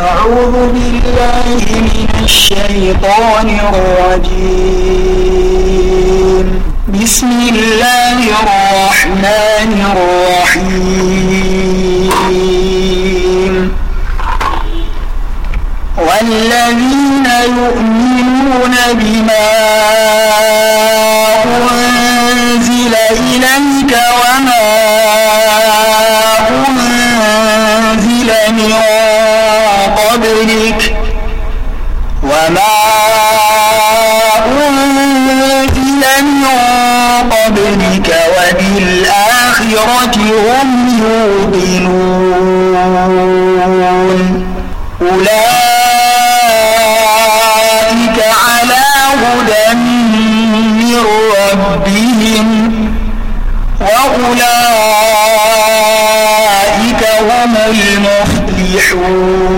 أعوذ بالله من الشيطان الرجيم بسم الله الرحمن الرحيم والذين يؤمنون بما أنزل إليك وما أنزل من قبلك وما أنزل من قبلك وبالآخرة هم يوقنون أولئك على هدى من ربهم وأولئك هم المفلحون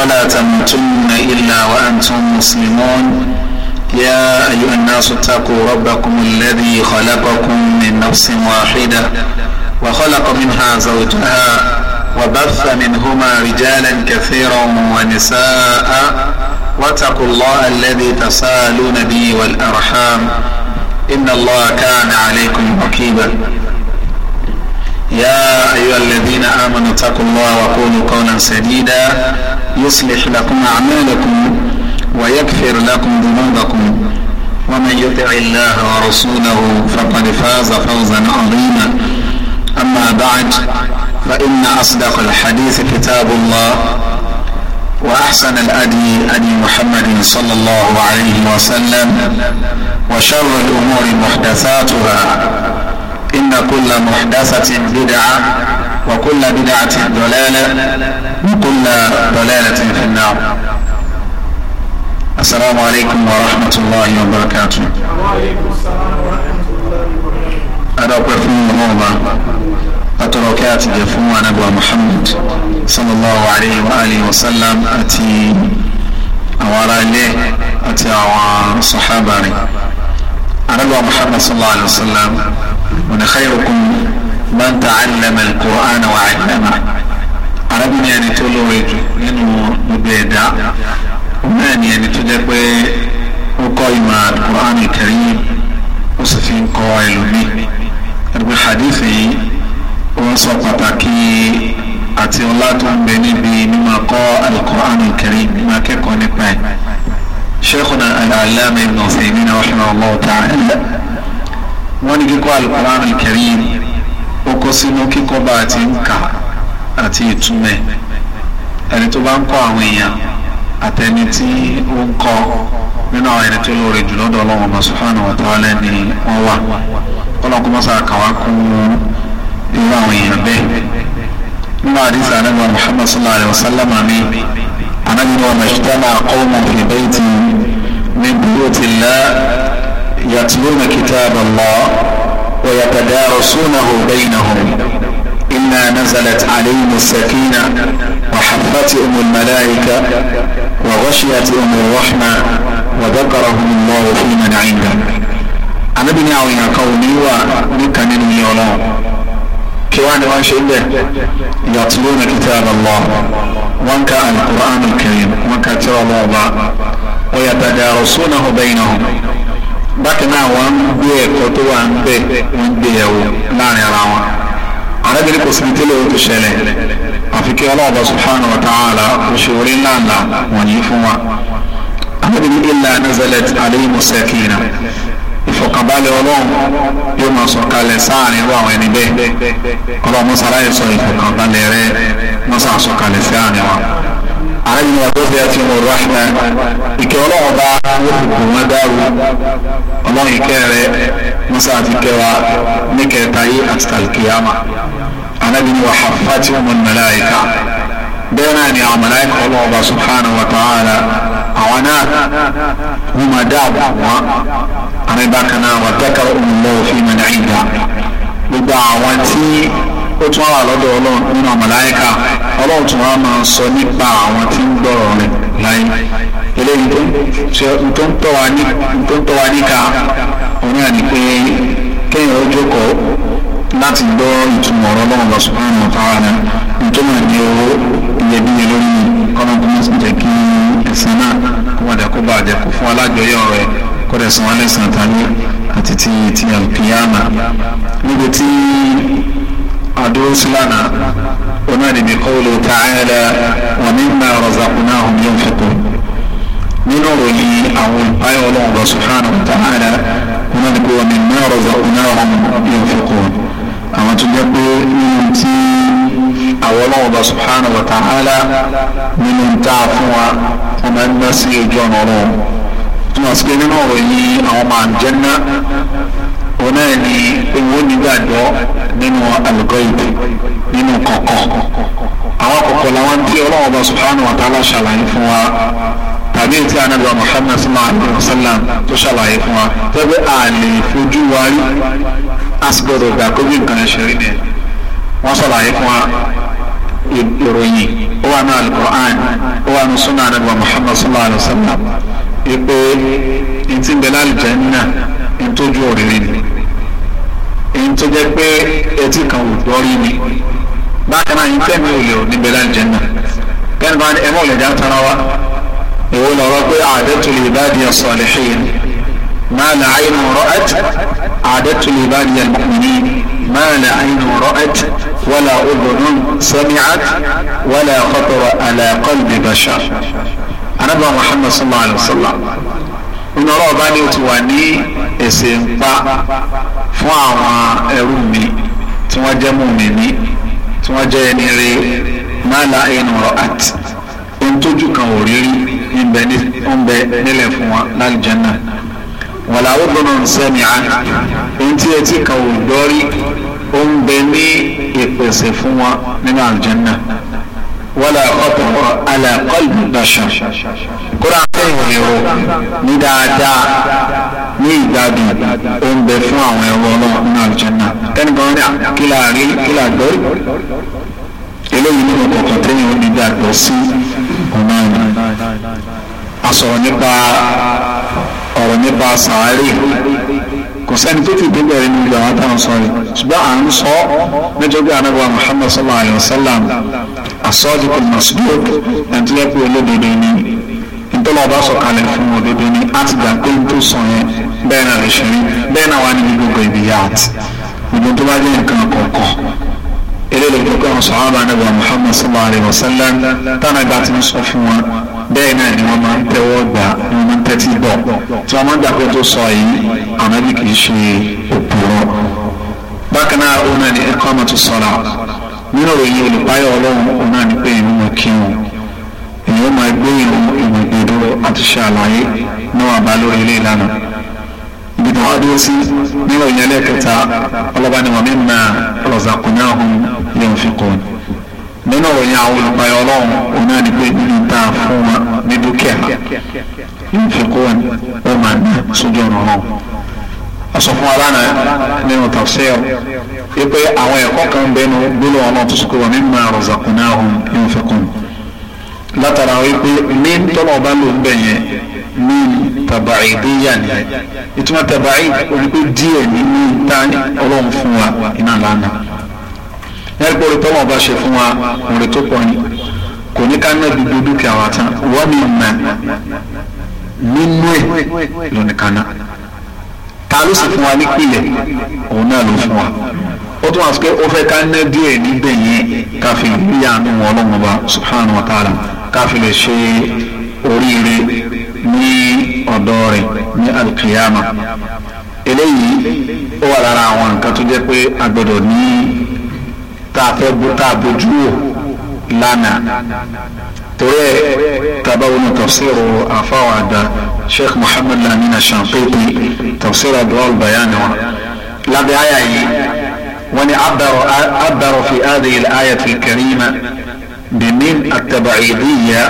ولا تموتن إلا وأنتم مسلمون يا أيها الناس اتقوا ربكم الذي خلقكم من نفس واحدة وخلق منها زوجها وبث منهما رجالا كثيرا ونساء واتقوا الله الذي تسالون به والأرحام إن الله كان عليكم رقيبا يا أيها الذين آمنوا اتقوا الله وقولوا قولا سديدا يصلح لكم أعمالكم ويكفر لكم ذنوبكم ومن يطع الله ورسوله فقد فاز فوزا عظيما أما بعد فإن أصدق الحديث كتاب الله وأحسن الأدي أدي محمد صلى الله عليه وسلم وشر الأمور محدثاتها إن كل محدثة بدعة وكل بدعة ضلالة وكل ضلالة في النار السلام عليكم ورحمة الله وبركاته وعليكم السلام ورحمة الله أتركات أنا نبوة محمد صلى الله عليه وآله وسلم أتي أورا إليه أتي أورا صحابة أنا محمد صلى الله عليه وسلم ونخيركم خيركم man ta'allama al-Qur'ana wa 'allamahu arábìnrin ẹni tó lóore jù nínú gbogbo ẹ̀dá bẹ́ẹ̀ ni ẹni tó jẹ́ pé ó kọ́ ìmọ̀ al-Qur'an al-Karim ó sì fi ń kọ́ ẹlòmíì ẹgbẹ́ hadith yìí ó ń sọ pàtàkì àti ọlá tó ń bẹ níbi mímọ̀ kọ́ al-Qur'an al-Karim mímọ̀ akẹ́kọ̀ọ́ nípa ẹ̀ sheikhuna al-Allama ibn Uthaymeen rahimahullah ta'ala wọ́n ní kíkọ́ ó kó sínú kíkọ́ bá àti nkà àti ìtumẹ̀ ẹni tó bá ń kọ́ àwọn èèyàn àtẹni tí ó ń kọ́ nínú àwọn ẹni tó lóore jù lọ́dọ̀ ọlọ́run ọba subhanahu wa ta'ala ni wọ́n wà ọlọ́kùn mọ́sá kàwá kún irú àwọn èèyàn bẹ́ẹ̀ nínú àdìsí anábìwá muhammad sallallahu alayhi wa sallam àmì anábìwá mashitama qawman fi bayti min buyuti Allah yatluna kitab Allah. يتدارسونه بينهم إنا نزلت عليهم السكينة وحفتهم الملائكة وغشيتهم الرحمة وذكرهم الله في من عنده Ànábì ní àwọn èèyàn kan ò ní wà nìkan nínú ilé Ọlọ́run kí wá ni wọ́n ṣe ń bẹ̀ yatluna kitab Allah wọ́n ka al-Qur'an al-Karim wọ́n ka tẹ́wọ́ lọ́wọ́ bá wa yatadarasunahu baynahum bákan náà wọ́n ń gbé ẹ̀kọ́ tó wà ń bẹ̀ wọ́n gbé yẹ̀wò láàrin ara wọn arábìnrin kò síbi tẹ́lẹ̀ o ti ṣẹlẹ̀ àfi kí ọlọ́ọ̀bà subhanahu wa ta'ala kò ṣe orí ńlá ńlá wọ̀nyí fún wa arábìnrin illa nazalat alayhi musakina ìfọ̀kànbalẹ̀ ọlọ́run yóò máa sọ kalẹ̀ sáàrin irú àwọn ẹni bẹ́ẹ̀ ọlọ́run mọ́sáláyé sọ ìfọ̀kànbalẹ̀ rẹ̀ mọ́sá sọ kalẹ̀ sáàrin wa arábìnrin wa tó fi ẹtì mọ rahma ìkẹ́ ọlọ́run bá wọ́pọ̀ wọn dárò ọlọ́run ìkẹ́ rẹ musa àti kẹwa ní kẹta yé àti tàlùkìyàmà arábìnrin wa hafati wọn mọ̀láyìká bẹ́ẹ̀ náà ni àwọn mọ̀láyìká ọlọ́run bá subhanahu wa ta'ala àwọn náà wọ́n máa ọlọ́run tún wá máa sọ nípa àwọn tí ń gbọ́rọ̀ rẹ̀ láyé eléyìí tó ń tọ́ wa níka òun náà ni pé kéèyàn ó jókòó láti gbọ́ ìtumọ̀ ọ̀rọ̀ ọlọ́run lọ sùn fún ọ̀tá wa náà nítorí ní owó iyebíye lórí kọ́nà tó ń sì jẹ́ kí ẹ̀sìn náà kó wàdà kó bàjẹ́ kó fún alájọyọ̀ rẹ̀ kó dẹ̀ sàn wọ́n lẹ́sàn tán àti ti ti àlùkìyàmà níbi tí àdúró sí lánàá náà ni mi qawlu ta'ala wa mimma razaqnahum yunfiqun nínú ròyìn àwọn olùpáyọ̀ ọlọ́run lọ subhanahu wa ta'ala wọn náà ni pé wa mimma razaqnahum yunfiqun àwọn tó jẹ́ pé nínú tí àwọn ọlọ́run lọ subhanahu wa ta'ala nínú tá a fún wa wọn máa ń ná sí ojú ọ̀nà ọlọ́run tí wọ́n sì pé nínú ròyìn àwọn máa ń jẹ́ ná òun náà ni owó nígbàgbọ́ nínú àlùkò ìdè nínú kọ̀ọ̀kan àwọn kọ̀ọ̀kan làwọn tí ọlọ́run ọba subhanahu wa ṣàlàyé fún wa tàbí tí anabi muhammad sallallahu alayhi wa sallam tó ṣàlàyé fún wa tẹ́gbẹ́ àlè fojú wa rí asibọ̀dọ̀ gbà nǹkan ẹ̀ṣẹ̀ rí ni wọ́n ṣàlàyé fún wa ìròyìn ó wà ní alukur'an ó wà ní sunnah anabi muhammad sallallahu alayhi wa sallam ipe ntí bẹ́lá alìjẹ́ nínà òrìrì ni ní tó jẹ́ pé etí kan ò gbọ́ rí ni bákan náà yín tẹ́mi ò lè níbẹ̀ láì jẹ́ náà kẹ́ni bá ní ẹ mọ̀ lè já tara wa èwo lọ́rọ́ pé àdẹ́tù lè bá di ọ̀sọ̀ àlẹ́hìn máa là áyín ọ̀rọ̀ ẹ̀t àdẹ́tù lè bá di ẹ̀mọ̀mí máa là áyín ọ̀rọ̀ ẹ̀t wàlà ọgbọ̀nún sẹ́miàt wàlà ọ̀kọ̀tọ̀rọ̀ àlàkọ́lùbì bàṣà fún àwọn ẹrú mi tí wọ́n jẹ́ mùmíní tí wọ́n jẹ́ ẹni rè mala ẹnu rọ̀at ohun tójú kan ò rí rí ń bẹ nílẹ̀ fún wọn lálùjánnà wàlà ọgbọnọ nsẹmi a ohun tí etí kan ò gbọ́ rí ó bẹ ní ìpèsè fún wọn nínú àlùjánnà wàlà ọkọ ala qalbi bashar kóra fún ìrò ní dáadáa ní ìgbádùn ó ń bẹ fún àwọn ẹ̀rọ ọlọ́run nínú àlùjànnà tẹ́nìkan ní kílà rí kílà gbọ́ eléyìí nínú kọ̀ọ̀kan tẹ́yìn ó dídá gbọ́ sí ọ̀nà ìlú a sọ̀rọ̀ nípa ọ̀rọ̀ nípa sàárè kò sẹ́ni tó ti gbẹ́gbẹ́ rẹ̀ níbi àwọn táwọn sọ rẹ̀ ṣùgbọ́n à ń sọ nítorí anábọ̀ Muhammad sallallahu alayhi wa sallam asọ́dúkọ̀ masdúk nàìjíríà pé olódodo ni ntọ́lọ́ọ̀bá sọ̀kalẹ̀ fún òdodo ni á ti gbà yẹn bẹ́ẹ̀ náà lè ṣe rí bẹ́ẹ̀ náà wà ní gbogbo ibi yaat gbogbo tó bá jẹ́ nǹkan kọ̀ọ̀kan eléyìí ló kọ́ àwọn sọ̀hábà nàbà Muhammad sallallahu alayhi wa sallam tánà ìgbà tí ń sọ fún wọn bẹ́ẹ̀ náà ni wọ́n máa ń tẹ́wọ́ gbà ni wọ́n máa ń tẹ́tí bọ̀ tí wọ́n máa ń gbà pé tó sọ yìí àmọ́ bí kì í ṣe òpùrọ̀ bákan náà òun náà ni iqamatu salat nínú ìròyìn olùpáyọ̀ ọlọ́run òun náà ni pé ìlú wọn kí wọn èèyàn máa gbé ìmọ̀ ìgbèdúró àti ṣe náà wà lórí ilé ìlànà ibi wọn dúró sí nínú ìyẹlẹ kẹta ọlọ́ba ni wọn mímọ razaqnahum yunfiqun nínú ìròyìn àwọn olùpayọ Ọlọ́run òun náà ni pé nínú tá a fún wọn ní dúkìá yunfiqun wọn máa ní sójú ọ̀nà Ọlọ́run ọsọ fún wa lánàá nínú tafsir wípé àwọn ẹ̀kọ́ kan bẹnu gbólóhùn Ọlọ́run tó sọ pé wọn mímọ razaqnahum yunfiqun látara wípé ní tọ́lọ̀ ọba ló ń bẹ̀ yẹn min tabacidiyan ìtumọ̀ ya olùkọ́ díẹ̀ nínú tá ọlọ́run fún wa iná lánàá yẹn gbọ́dọ̀ tọ́wọ́ ọba ṣe fún wa òrè tó pọ̀ ni ka ní ká ná gbogbo wa tán wọ́n mi mọ̀ nínú ẹ̀ lónìí kan náà ta ló wa ní ọ̀dọ̀ rẹ̀ ní alkiyama eléyìí ó wà lára àwọn nǹkan tó jẹ́ pé a gbọ́dọ̀ ní tá a fẹ́ bó tá a bójú wò lánàá torí ẹ tabawo ní tafsiru àfáwàdà sheikh muhammad lamina shanqiti tafsiru adwal bayani wọn lábẹ́ àyà yìí wọ́n ní abdaro fi hadhihi al-ayati al-karima بمن التبعيضية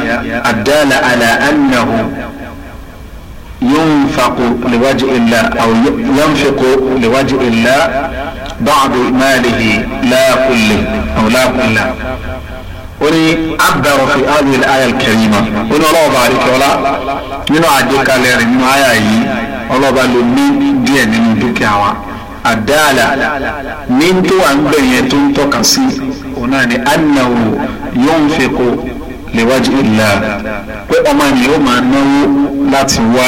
الدالة على أنه ينفق لوجه الله أو ينفق لوجه الله بعض ماله لا كله أو لا كله وني عبر في هذه الآية الكريمة وني الله بارك ولا منو عجيك لير منو آية الله بالو من دي من دكاوا الدالة من تو أنبين يتون توكسي وناني أنه ينفق lẹ́wájú ìlà pé ọmọ ni yóò máa náwó láti wá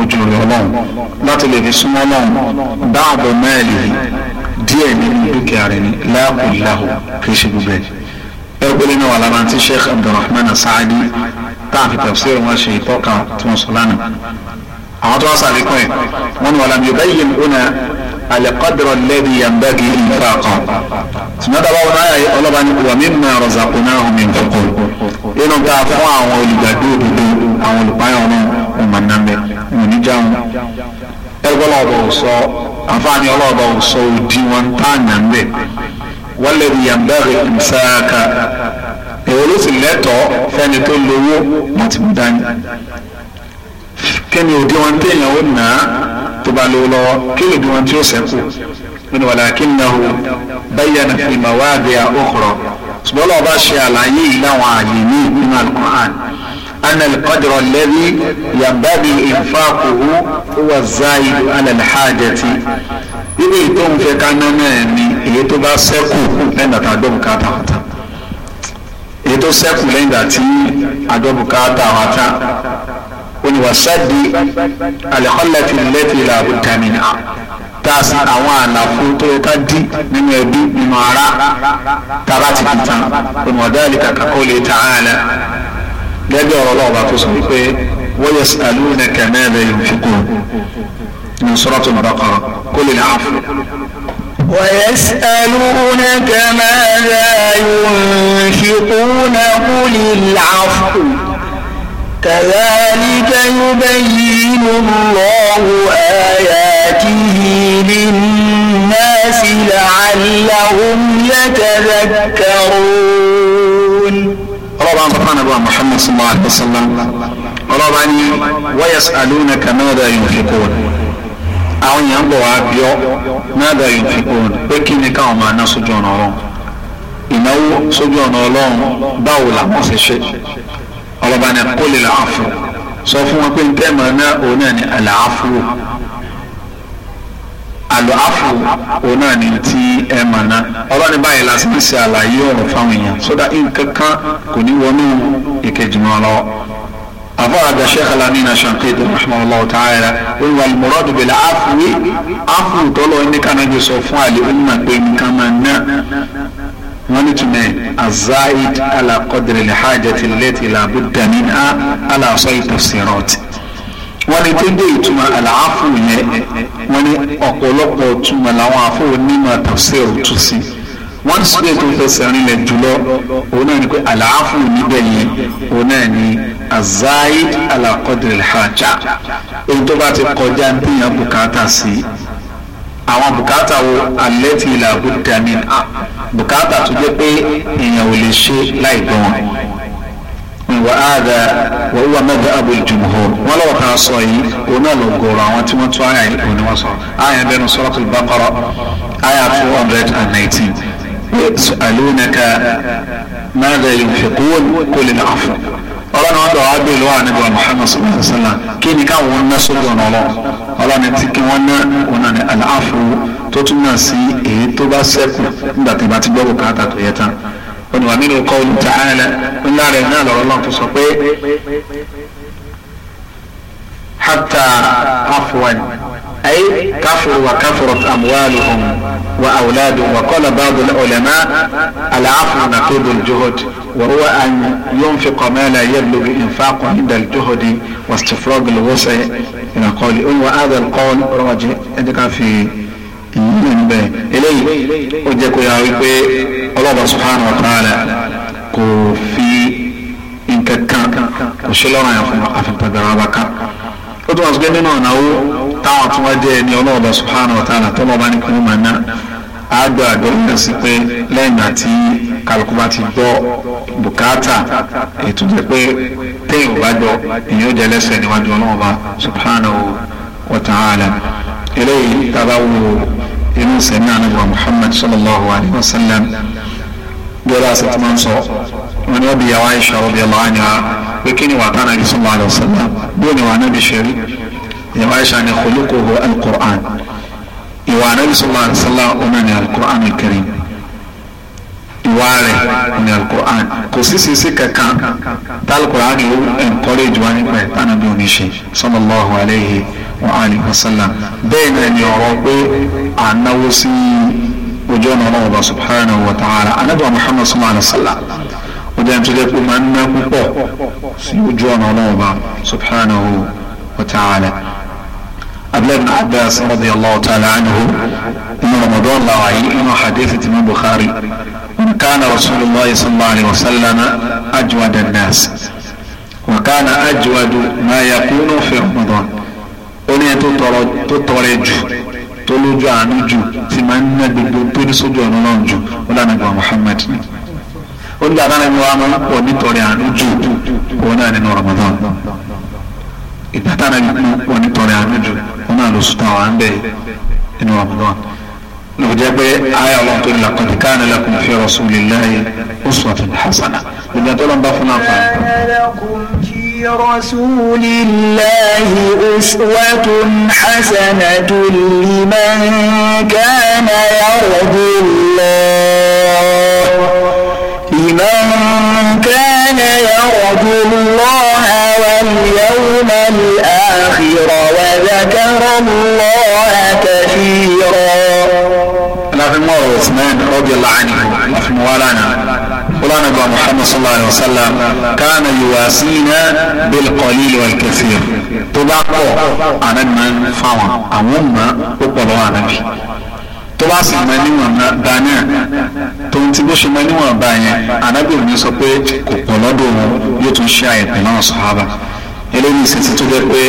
ojú rẹ̀ ọlọ́run láti lè fi súnmọ́ ọlọ́run bá àbọ̀ mẹ́ẹ̀lì díẹ̀ nínú dúkìá rẹ̀ ní láàkúláhù kì í ṣe gbogbo ẹ̀. ẹgbẹ́ nínú wà lára tí Sheikh Abdulrahman Saadi tá a fi tafsir wọn ṣe ìtọ́ka tí wọ́n sọ lánàá. àwọn tó wá sàlékún ẹ̀ wọ́n ní wàlámi yóò bá yìí alikadro lẹbi yanbagi nfaqa sinadà báwo náà yà ọlọ́ba ní wà mí mọ rọ̀zàkúná omi nfọ̀kọ́ inú ta fún àwọn olùgbàdo òdodo àwọn olùpáyọ̀ náà ọmọ nàmẹ́ oníjàun ẹgbẹ́lá ọba ọ̀sọ́ àfáàní ọlọ́ba ọ̀sọ́ òdi wọn tààyà ńbẹ wọlẹbi yanbagi nfaqa èrò ló sì lẹ́tọ̀ọ́ fẹ́ni tó lówó láti mú dání kí ni téèyàn ó nà á tó bá lówó lọ́wọ́ kí ló di wọn tí ó ṣẹ́kù nínú walakinnahu bayyana fi mawadi'a ukhra ṣùgbọ́n lọ́wọ́ bá ṣe àlàyé ìdáwọn àyè ní nínú al-Qur'an أن القدر الذي ينبغي إنفاقه هو الزايد على الحاجة ibi tó ń fẹ́ ká ná náà ni èyí tó bá ṣẹ́kù lẹ́yìn àti àdọ́bùkátà wata èyí tó ṣẹ́kù lẹ́yìn àti àdọ́bùkátà wata òní wàsádì alẹ́kọ́lẹ́tì lẹ́tì làbùdàmìnà tá a sin àwọn àlàfo tó yẹ ká dí nínú ẹbí nínú ara tába ti di tán òní wàdí àlìkà kakó lè ta àlẹ gẹ́gẹ́ ọ̀rọ̀ lọ́wọ́ tó sọ wípé wọ́n yẹ sàlù ní kẹ̀mẹ́rẹ́ ìfikù ní sọ́rọ́tò mọ̀dọ́kọ̀ kó lè láàfù. ويسألونك ماذا ينفقون قل العفو كذلك يبين الله آياته للناس لعلهم يتذكرون ربنا سبحانه محمد صلى الله عليه وسلم ربنا ويسألونك ماذا ينفقون àwọn èèyàn ń bọ̀ wá bí ọ́ náàdà yìí fi kún un pé kí ni káwọn máa ná sójú ọ̀nà ọlọ́run ìnáwó sójú ọ̀nà ọlọ́run báwo làwọn ṣe ṣe ọlọ́ba ní kólé làáfù sọ fún wọn pé n tẹ́ mọ̀ náà òun náà ní àlàáfù àlàáfù òun náà ní ti ẹ̀ mọ̀ náà ọlọ́ba ní báyìí lásán ṣe àlàyé ọ̀rọ̀ fáwọn èèyàn sódà nǹkan kò ní wọnú ìkejì náà lọ́wọ́. الشيخ الأمين الشنقيطي رحمه الله تعالى المراد بالعفو عفو طلو إن كان يصفوا لأمة بين كمان wọ́n ní túmẹ̀ azaid ala qadri lihajati lati la budda minha ala saytu sirat wọ́n ní tó ń dé ìtumọ̀ àlàáfù yẹn wọ́n ní ọ̀pọ̀lọpọ̀ ìtumọ̀ làwọn afọ onímọ̀ tafsir tù sí wọ́n ti sọ́dọ̀ tó fẹsẹ̀ rinlẹ̀ jùlọ òun náà ni pé àlàáfù níbẹ̀ yẹn òun náà ni azaid ala qadri èyí tó bá ti kọjá ń àwọn bùkátà wo alẹ́tì ilà budamin ah, bùkátà tó jẹ́ pé èèyàn ò lè ṣe láì gbọ́n wọn. wà á da wà wúwa mẹ́ta abu jumhur wọn lọ́wọ́ kan sọ yìí òun náà lọ gòrò àwọn tí wọ́n tún àyà yìí òun ni wọ́n sọ àyà bẹ́nu suratul baqara àyà two hundred and nineteen. يسألونك ماذا ينفقون قل العفو bá ní wọn dọ̀ wá bẹ́ẹ̀ lọ́wọ́ àníbọ̀ Muhammad sallallahu alayhi wa sallam kí ni káwọn ná sójú ọ̀nà ọlọ́ ọlọ́ni tí kí wọ́n ná òun náà ní àlàáfù tó tún náà sí èyí tó bá sẹ́kù nígbà tí bá ti gbọ́ bùkátà tó yẹ tán olùwà nínú qawlu ta'ala ńlá rẹ̀ náà lọ́rọ́ náà tó sọ pé hatta afuwan ay kafaru wa kafarat amwaluhum وأولاده وقال بعض العلماء العقل نقيض الجهد وهو أن ينفق ما لا يبلغ إنفاقه عند الجهد واستفراغ الوسع إلى قوله وهذا القول رواج عندك في إليه وجدك يا kó الله سبحانه وتعالى كوفي إنك ta'ala kò يا أخي kan kò ṣe lọ́rọ̀ àyànfọ́ àfipàdàrà táwọn tí wọ́n jẹ́ ẹni ọlọ́ọ̀bà subhanahu wa ta'ala tó lọ́ba ní kọ́ni màá ná àgbà àdóyè sí pé lẹ́yìn àti kálukú bá ti gbọ́ bùkátà ètò jẹ́ pé téèyàn bá jọ èèyàn jẹ́ lẹ́sẹ̀ níwájú ọlọ́ọ̀bà subhanahu wa ta'ala eléyìí tábà wo inú sẹ́mi ànábì muhammad sallallahu alayhi wa sallam gbọ́dọ̀ àti tí wọ́n sọ wọn ni wọ́n bí yàrá ìṣòro bí ọlọ́ọ̀ni wa pé kí ni wàá tánà ibi sallallahu alayhi bí ó ìyẹn máa ṣàní khuluquhu alukur'an ìwà anabi sallallahu alaihi wasallam ọ̀nà ni alukur'an alkarim ìwà rẹ̀ ni alukur'an kò sí sisi kankan tá alukur'an yóò encourage wa nípa ẹ̀ tánà bí oníṣe sallallahu alaihi wa alihi wasallam bẹ́ẹ̀ náà ni ọ̀rọ̀ pé ànáwó sí ojú ọ̀nà ọ̀nà ọba subhanahu wa ta'ala anabi wa muhammad sallallahu alaihi wasallam ọjà tó jẹ́ pé máa ń ná púpọ̀ sí ojú ọ̀nà ọ̀nà subhanahu wa ta'ala abdullahi bin abbas radiyallahu ta'ala anhu inú ramadan làwọn yìí inú hadithi ti mú bukhari كان رسول الله صلى الله عليه وسلم أجود الناس وكان أجود ما يكون في رمضان oní ẹ tó tọrẹ jù tó lójú àánú jù tí máa ń ná gbogbo tó ní sójú ọ̀nà náà jù ó lànà gba Muhammad ni ó ní àdáni wa máa ń pọ̀ nítorí àánú jù òun Ramadan. ìgbàtàrà wọn ní tọrẹ àánú jù wọn náà ló sùn táwọn à ń bẹ nínú Ramadan ló jẹ́ pé ayé ọlọ́run tó ní laqad kana lakum fi rasulillahi uswatun hasana ìgbà tó lọ́n bá fún náà fà. في رسول الله أسوة حسنة لمن كان يرجو الله لمن كان يرجو الله واليوم الآخر وذكر الله كثيرا أنا في المرة عثمان رضي الله عنه رحمه ولنا ولنا ابو محمد صلى الله عليه وسلم كان يواسينا بالقليل والكثير تبقى أنا من فاوى أموما أقبلوا نبي tó bá sì mọ níwọ̀nba daniel tóun ti bó ṣe mọ níwọ̀nba yẹn anábìrì ni sọ pé kò pọ̀ lọ́dọ̀ wọn yóò tún ṣe àìpẹ́ náà sọ́hábà eléyìí ìsìtì tó jẹ́ pé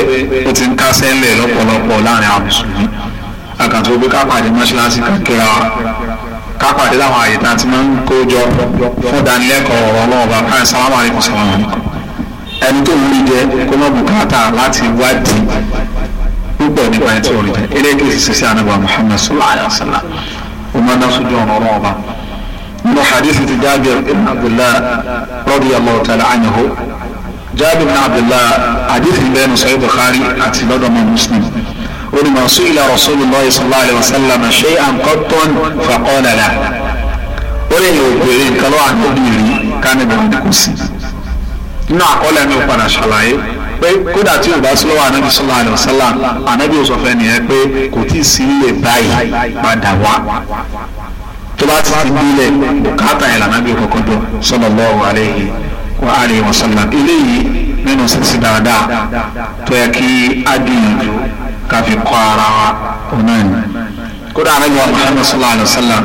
ó ti ń kásẹ̀ ńlẹ̀ lọ́pọ̀lọpọ̀ láàrin àwọn mùsùlùmí àkàtúntò pé ká pàdé mọ́ṣáláṣí kankera ká pàdé láwọn àyè tá a ti máa ń kó jọ fún ìdánilẹ́kọ̀ọ́ ọ̀rọ̀ ọlọ́ọ̀bà káyọ̀ sálámà àlékún sálámà ẹni tó ń rí jẹ kó má bùkátà láti wádìí púpọ̀ nípa ẹ̀ tí ó rí jẹ eléyìí kìí ṣiṣẹ́ sí anagba Muhammad sallallahu alayhi wa sallam o máa dá sójú ọ̀nà ọ̀rọ̀ ọba nínú hadith ti Jabir ibn Abdullah radiyallahu ta'ala anhu Jabir ibn Abdullah hadith ń bẹ́ẹ̀ nusayid Bukhari àti lọ́dọ̀ Muslim ó ní màá sùn ilà Rasulullah sallallahu alayhi wa sallam shay'an qattan faqala la ó lè yẹ òbèrè nǹkan lọ́wọ́ àgbọ̀bìnrin kánibẹ̀rẹ̀ kò sí nínú àkọọ́lẹ̀ mi padà ṣàlàyé pé kódà tí o bá sí lọ́wọ́ anabi sallallahu alayhi wa sallam anabi ò sọ fẹ́ nìyẹn pé kò tí ì sí ilé báyìí padà wá tó bá ti ti bílẹ̀ bùkátà ẹ̀ lànàbí kọ̀kọ́ jọ sallallahu alayhi wa alihi wa sallam eléyìí nínú sísí dáadáa tó yẹ kí á gbìyànjú ká fi kọ́ ara wa ọ̀nà kódà anábìá muhammed sallallahu alayhi wa sallam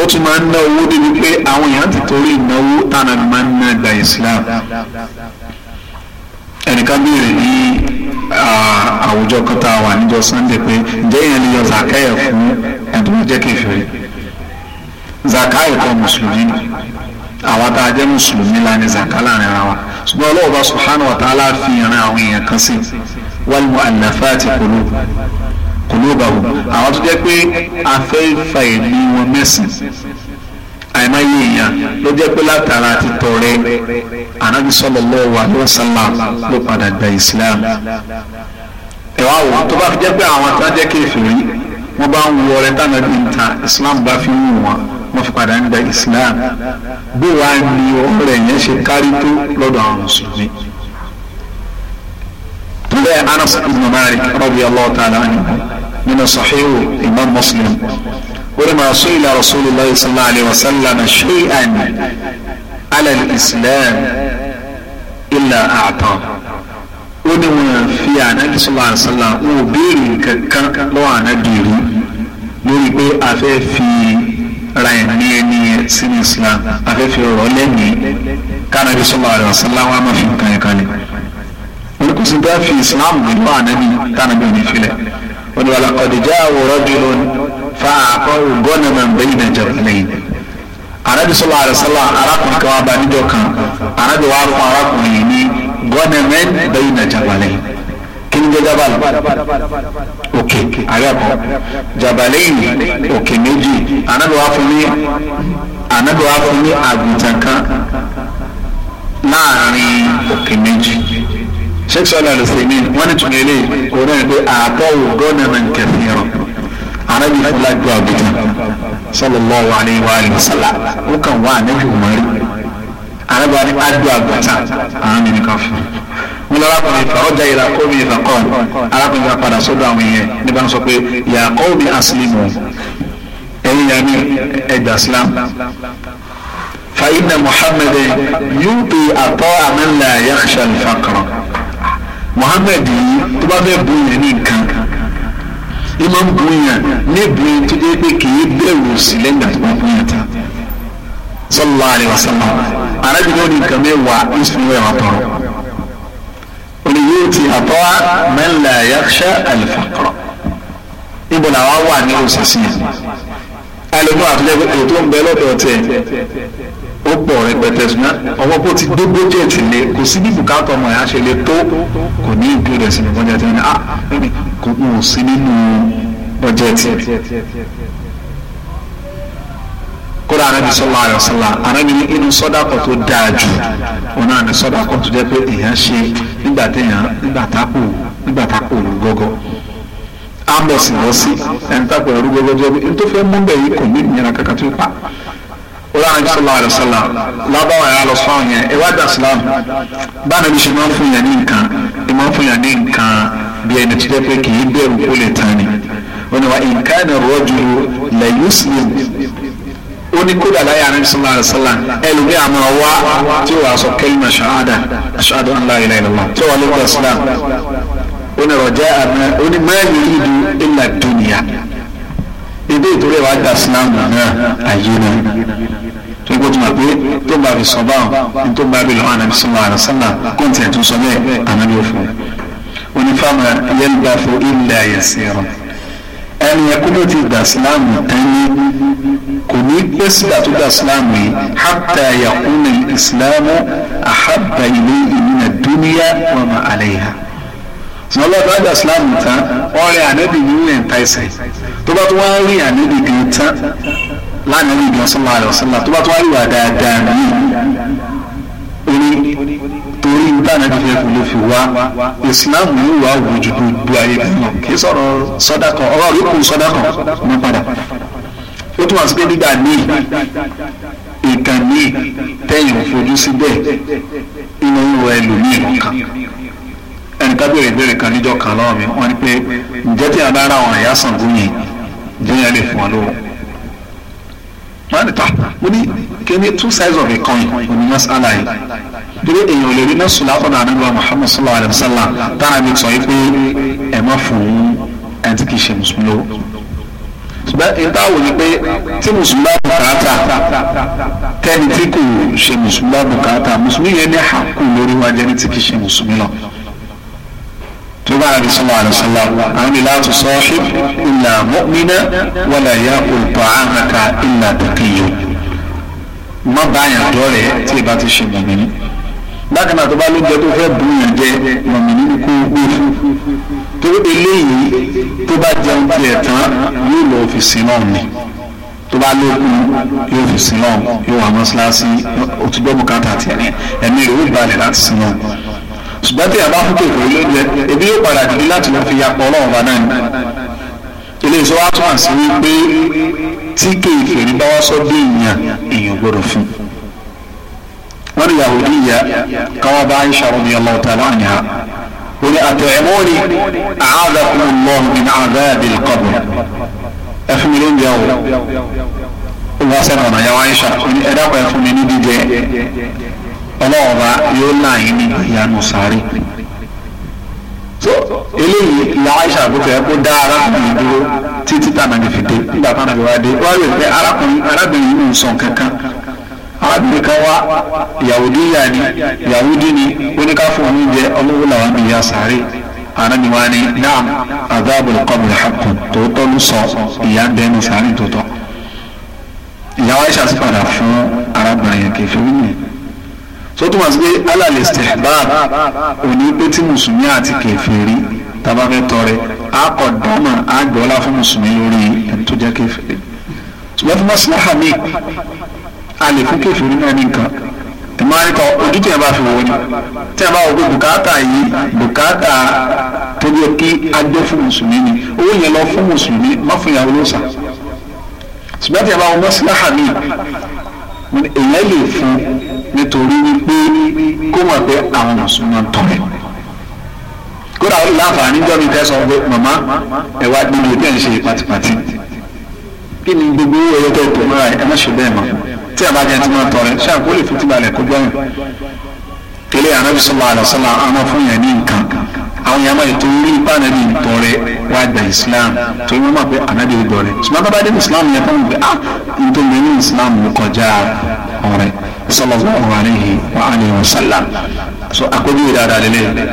ó tún máa ń ná owó débi pé àwọn èèyàn ti torí ìnáwó tánà máa ń ná gba islam ẹnìkan béèrè ní àwùjọ kan a wà níjọ́ sunday pé ǹjẹ́ yẹn lè yọ zakaya fún ẹ̀dùnmọ̀ jẹ́ kẹfìrí zakaya kọ́ mùsùlùmí ni àwa tá a jẹ́ mùsùlùmí la ní zaka láàrin ara wa ṣùgbọ́n ọlọ́wọ́ bá subhanahu wa ta'ala fi ìran àwọn èèyàn kan sí wal mu'allafati qulub qulubahum àwọn tó jẹ́ pé afẹ́ fàyè ní wọn mẹ́sìn àìmáyé èèyàn ló jẹ́ pé látara ti tọrẹ anabi sallallahu alaihi wasallam ló padà gba islam ẹ wá wò tó bá fi jẹ́ pé àwọn tó jẹ́ kéfìrí wọ́n bá ń wọ ọrẹ tánà bí nta islam bá fi wù wọn wọ́n fi padà ń gba islam bí wàá ní ọrẹ yẹn ṣe kárí tó lọ́dọ̀ àwọn mùsùlùmí bẹ́ẹ̀ anas ibn malik radiyallahu ta'ala anhu nínú sahihu imam muslim ولما سئل رسول الله صلى الله عليه وسلم شيئا على الإسلام إلا أعطاه ونما في عن صلى الله عليه وسلم وبير كان لو أنا ديري lórí pé a fẹ́ fi ra ẹ̀mí ẹni sínú islam a fẹ́ fi rọ̀ lẹ́mìí kánàbí sallallahu alaihi wasallam wa máa fi nǹkan ẹ̀ka lẹ̀ wọn kò sì bá fi islam gbẹ̀lú ànábì kánàbí òní filẹ̀ wọn ni wàlá qad jaa rajulun fa àkọ́rù gọ́nà mà ń bẹ́yìn nàìjà lẹ́yìn. Ànábì sallallahu alaihi wasallam arákùnrin kan wá bá níjọ kan Ànábì wá fún arákùnrin yìí ní gọ́nà mẹ́ bẹ́yìn nàìjà lẹ́yìn. Kí ni jabal? Òkè àrẹ́kọ̀. Jabalayn òkè méjì. Ànábì wá fún ní sheikh sallallahu alaihi wasallam wọn ni tún ilé orin pé àbọ̀wò gọ́nà mà ń kẹfì anabi fúnla ju àbùkù sallallahu alaihi wa alihi wasallam ó kàn wá anabi umari anabi wa ni adu àbùkù àwọn mi nìkan fún un wọn lọ́la kùnrin fàájà yìí la kó mi ìfà kọ́ arákùnrin wa padà sódò àwọn yẹn níbà ń sọ pé ya qawmi aslimu ẹ̀yin yà mí ẹ̀dà islam fa inna muhammadan yuti ata'a man la yakhsha al-faqra muhammad yìí tó bá fẹ́ bu yẹn ní nǹkan ìmọ̀ ń bùn yàn níbìrin tó jẹ́ pé kì í bẹ̀rù sí lẹ́yìn àti wọn fún yàn ta sallallahu alaihi wasallam arábìnrin òní nǹkan mẹ́wàá ń sùn wẹ̀ wọn tọrọ òní yóò ti àtọ́ man la yakhsha al-faqr làwọn wà ní òṣìṣẹ́ ẹlòmíràn àtúnyẹ̀wò ètò ń bẹ lọ́dọ̀ ó pọ̀ rẹpẹtẹ ṣùgbọ́n ọwọ́ bó ti dé bójẹ́ẹ̀tì lé kò sí bí bùkátà ọmọ yẹn á ṣe lè tó kò ní ìbílẹ̀ sínú bọ́jẹ́ẹ̀tì wọn ni ah kò kún ò sí nínú bọ́jẹ́ẹ̀tì kódà anabi sọlá ayọ sọlá anabi ní inú sọdakọ tó dáa jù òun náà ní sọdakọ tó jẹ pé èèyàn ṣe nígbà téèyàn nígbà tápò nígbà tápò olùgọgọ ambos ìwọ sí ẹni tápò olùgọgọ jẹ pé nítorí fẹ́ mú bẹ́ẹ̀ yìí kò ní ìyẹn kankan tó pa ọlọ́run àti sọlá àdó sọlá lábáwá yà lọ sọ àwọn yẹn ìwádìí àsìlámù báńdà bí ṣe máa ń fún yàn ní nǹkan ẹ máa ń fún yàn ní nǹkan bí ẹni tó jẹ́ pé kì í bẹ̀rù kó lè tán ni wọn ni wà nǹkan rọ́jò lẹ́yọ́sìlẹ̀ ó ní kódà láyé àrùn sọlá àdó sọlá ẹlòmí àmọ́ wá tí ó wàá sọ kẹ́lìmọ̀ ṣáádà ṣáádà ńlá ilẹ̀ ìlọ́lá tí ó wà lóko àsìlámù ó ní rọ̀jẹ́ àmọ́ ó ní mẹ́rin ilé ìtòlẹ́ wa gba sinamu náà ayé náà tó gbọ́dọ̀ tuma pé tó bá fi sọ báwọn ní tó bá fi lọ́wọ́ ànábi sọ́nà àrùsánà kóńtì ẹ̀ tó sọ bẹ́ẹ̀ ànábi ò fún un onífàmà yẹlba fún ilẹ̀ àyẹ̀sí rẹ ẹni ẹkú ló ti gba sinamu tání kò ní pé sígbà tó gba sinamu yìí hàtà yakuna ìsìlámù àhàbà ilé ìmìnà dúníyà wà má àlẹ́ yìí ha. sọlá bá gba sinamu tán ọ̀rẹ́ ànábi ní ìwé ń ta tó bá tó wá rí ànábì gan tán lánàá rí gan sallallahu alaihi wasallam tó bá tó wá rí wà dáadáa mí orí torí tánàbí fẹ́ kò ló fi wá ìsìláàmù yóò wá wùjú gbogbo ayé bímọ kì í sọ̀rọ̀ sọ́dá kan ọ̀rọ̀ yóò kún sọ́dá kan ní padà ó tún wá sí pé nígbà míì ìtàn míì tẹ̀yìn òfojú síbẹ̀ inú ìwọ ẹlòmíì nìkan ẹnì ká bèrè ìbéèrè kan níjọ́ kan lọ́wọ́ mi wọ́n ní pé ǹjẹ́ tí a bá ra àwọn ẹ̀yà Ṣàngó yìí jẹ́yìn lè fún ọ lówó wọ́n mo ní kéde two sides of a coin òní masala yìí torí èèyàn lè rí náà sùn látọ̀dọ̀ anábìwá Muhammad sallallahu alayhi wa sallam tára mi sọ yìí pé ẹ̀ má fún ẹni tí kì í ṣe mùsùlùmí lówó ṣùgbọ́n èyí tá a wò ni pé tí mùsùlùmí bá bùkátà tẹ́ni tí kò ṣe mùsùlùmí bá bùkátà mùsùlùmí yẹn ní àkù lórí wájú ẹni tí kì í ṣe mùsùlùmí lọ tó bá rà bisimilá àlùsọ́lá àwọn ìlà tó sọ́ọ́ṣì ìlà mọ́mìnà wọlé ya olùkọ́ àmàkà ìlà tàkìyò má báyà dọ́rẹ̀ tí ì bá ti ṣe mọ̀mìnì bákan náà tó bá ló jẹ tó fẹ́ bu yàn jẹ mọ̀mìnì ni kó gbé fún tó eléyìí tó bá jẹun tiẹ̀ tán yóò lọ ọ́fíìsì náà ni tó bá lókun yóò fi sin náà yóò wà mọ́ṣáláṣí òtújọ́ bùkátà tiẹ̀ ẹ̀mí rẹ̀ ó balẹ̀ láti sin náà ṣùgbọ́n tí a bá fún kéèké lóúnjẹ ebi yóò padà dìde láti lọ fi apọ̀ ọlọ́run bá náà ni ilé iṣẹ́ wa túmọ̀ sí wípé tí kéèké ní báwá sọ́dọ̀ èèyàn èèyàn gbọ́dọ̀ fún wọ́n ní yahudi yá káwọn bá Aisha radiyallahu ta'ala anha wọ́n ní at'imuni a'adakumullahu min adabil qabr ẹ fún mi lóúnjẹ o ó wá sẹ́nu ọ̀nà yàwó Aisha ó ní ẹ ọlọ́run ọba yóò là ní ìyanu sáré so eléyìí làáṣà àbúkẹ́ kó dá arákùnrin dúró títí tànàbí fi dé nígbà tànàbí wá dé wá rèé pé arákùnrin arábìnrin yìí ń sàn kankan arábìnrin kan wá Yahudi yà ni Yahudi ni oníkàfọ́ oúnjẹ ọlọ́wọ́ làwọn mi yà sáré anabi wa ni naam adaabu lqabri xaqun tòótọ́ ló sọ ìyá ń bẹ́ẹ̀ ní sáré tòótọ́ ìyá wa ṣàṣìpadà fún arábìnrin yẹn sọtún wá sí pé alàlẹ stehbab òní pé tí mùsùlùmí àti kèfèrí tábà fẹ́ tọrẹ akọ̀dámà àgbọ̀lá fún mùsùlùmí lórí ẹni tó jẹ́ kèfèrí ṣùgbọ́n fún maslaha mi alẹ́ fún kèfèrí náà nìkan ìmọ̀ràn kan ojú tí a bá fi wò ni tí a bá wò pé bùkátà yìí bùkátà tó yẹ kí a jẹ́ fún mùsùlùmí ni owó yẹn lọ fún mùsùlùmí má fún ìyàwó ló sà ṣùgbọ́n tí a bá wò maslaha mi èèyàn lè fún àwọn mùsùlùmí tọ̀ rẹ̀ kódà ó láǹfààní jọ́ mi kẹ́ sọ pé màmá ẹ̀ wá gbé mi tẹ̀ ń ṣe pàtìpàtì kí ni gbogbo owó ẹ̀yọ́ tó tó mọ́ra ẹ̀ má ṣe bẹ́ẹ̀ mọ́ tí a bá jẹ́ tí wọ́n tọ̀ rẹ̀ ṣáà kó lè fi tìbalẹ̀ kó gbọ́yìn kele anabi sọlọ alasọlọ ama fún yẹn ní nǹkan àwọn yàrá yìí tó rí ipá anabi tọrẹ wá gba islam tó yẹ mọ pé anabi tọrẹ ṣùgbọ́n bàbá dé islam yẹn fún mi pé ah nítorí mi ní islam kọjá ọ̀rẹ́ sallallahu alaihi wa alihi wa sallam so àpèjúwe dáadáa lélẹ̀ yàrá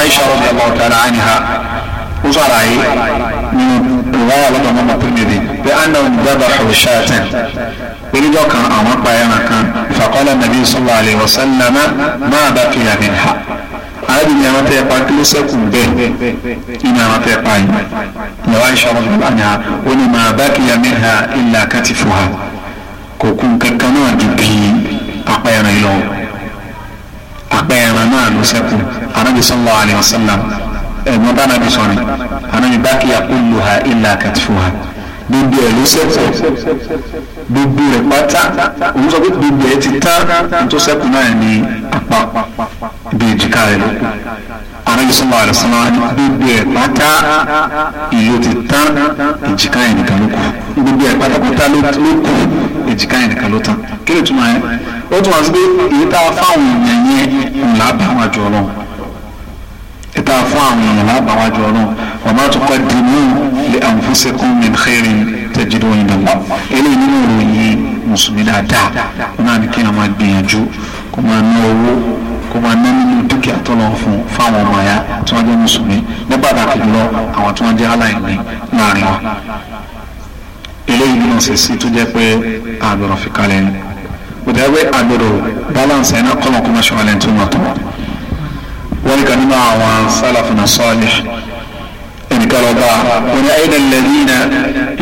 Aisha radiyallahu ta'ala anha ó sọ̀rọ̀ ayé nínú ìwáyà lọ́dọ̀ mọ́mọ́ pínlẹ̀ bí annahum dhabahu shatan oníjọ́ kan àwọn pa ẹran kan faqala nàbí sallallahu alaihi wasallam ma baqiya minha ààbì ni àwọn tẹ́ pa kíló sẹ́kù bẹ́ẹ̀ nínú àwọn tẹ́ pa yìí yàrá Aisha radiyallahu anha ó ní ma baqiya minha illa katifuha kò kún kankan náà ju bí apá ẹran yìí lọ́wọ́ àpẹẹrẹ náà ló sẹ́kù anábì sallallahu alaihi wasallam ẹ̀gbọ́n bá nàbì sọ̀rọ̀ anábì baqiya kulluha illa katfuha gbogbo ẹ̀ ló sẹ́kù gbogbo rẹ̀ pátá òun sọ pé gbogbo ẹ̀ ti tán tó sẹ́kù náà ní apá bí èjìká rẹ̀ lókù anábì sallallahu alaihi wasallam gbogbo ẹ̀ pátá ìlú ti tán èjìká ẹ̀ nìkan lókù gbogbo ẹ̀ pátápátá ló kù ẹ̀ nìkan ló kí ó tún wá sí pé èyí tá a fáwọn èèyàn yẹn ńlá bá wọn jọ lọ èyí tá a fún àwọn èèyàn ńlá bá wọn jọ lọ wa ma tuqaddimu li anfusikum min khairin tajiduhu indallah eléyìí nínú ìròyìn mùsùlùmí dáadáa wọn náà ní kí wọn máa gbìyànjú kó máa ná owó kó máa ná nínú dúkìá tó lọ fún fáwọn ọmọ ẹ̀yà tí wọ́n jẹ́ mùsùlùmí ní pàtàkì jùlọ àwọn tí wọ́n jẹ́ aláìní láàrin wa eléyìí nínú ṣèṣì tó jẹ́ pé àgbẹ̀rọ̀ fi kalẹ̀ ni òdàgbé àgbèrò balance ẹ̀ náà kọ́mọ̀ kó má ṣe wàlẹ̀ tó má tó wọ́n ní kan nínú àwọn sálàfùnà sọ́ọ̀lì ẹnìkan lọ́ba wọn ni ayélujára lẹ́yìn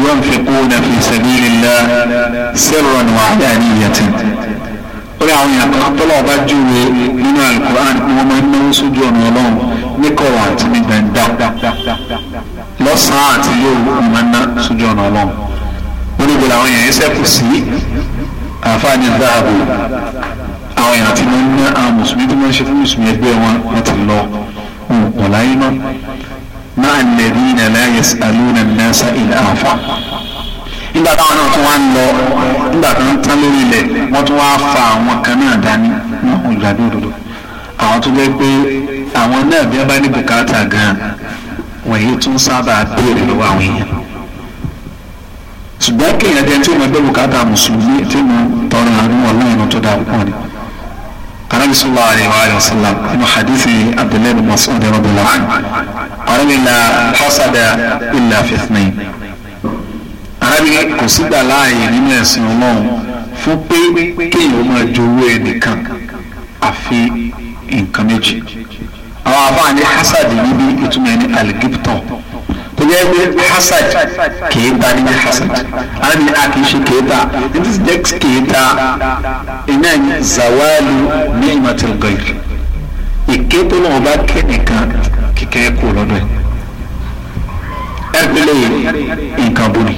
yunfiquna fi sabilillah sirran wa alaniyatan orí àwọn èèyàn kan tọ́lọ̀ ọba júwe nínú alukur'an ni wọ́n máa ń náwó sójú ọ̀nà ọlọ́run ní kọ̀rọ̀ àti ní gbẹ̀ndà lọ́sàn-án àti yóò wọ́n máa ń ná sójú ọ̀nà ọlọ́run wọ́n níbo làwọn èèyàn ń sẹ́kù sí àfáàní dáàbò àwọn èèyàn tí wọ́n ní àwọn mùsùlùmí tí wọ́n ṣe lọ wọn láyé mọ́ ya ń lẹ̀rí ilẹ̀ láyé alóòrè nẹ́sà ilẹ̀ àfà nígbà táwọn náà tún wá fa awọn kan dani dání wọn ṣùgbọ́n kéèyàn jẹ́ tí mo gbé bùkátà mùsùlùmí tí mo tọrọ àrùn ọlọ́run tó dáa púpọ̀ ni. anabi sallallahu alayhi wa sallam inu hadithi abdullahi bin mas'ud radiyallahu anhu anabi la hasada illa fi ithnain anabi kò sígbà láàyè nínú ẹ̀sìn ọlọ́run fún pé kéèyàn máa jowó ẹnìkan àfi nǹkan méjì àwọn afáàní hasad níbi ìtumọ̀ ẹni algiptọ̀ tó jẹ́ pé hasad kéèta ní hasad alábi ní akéṣe kéèta ní dex kéèta iná ní zawalu ní ìmọ̀tìrì gọ̀yì ìkéètò náà bá ké nìkan kíkẹ́ kó lọ́dọ̀ ẹ̀ ẹ̀rẹ́gbẹ́lẹ́ nǹkan bóni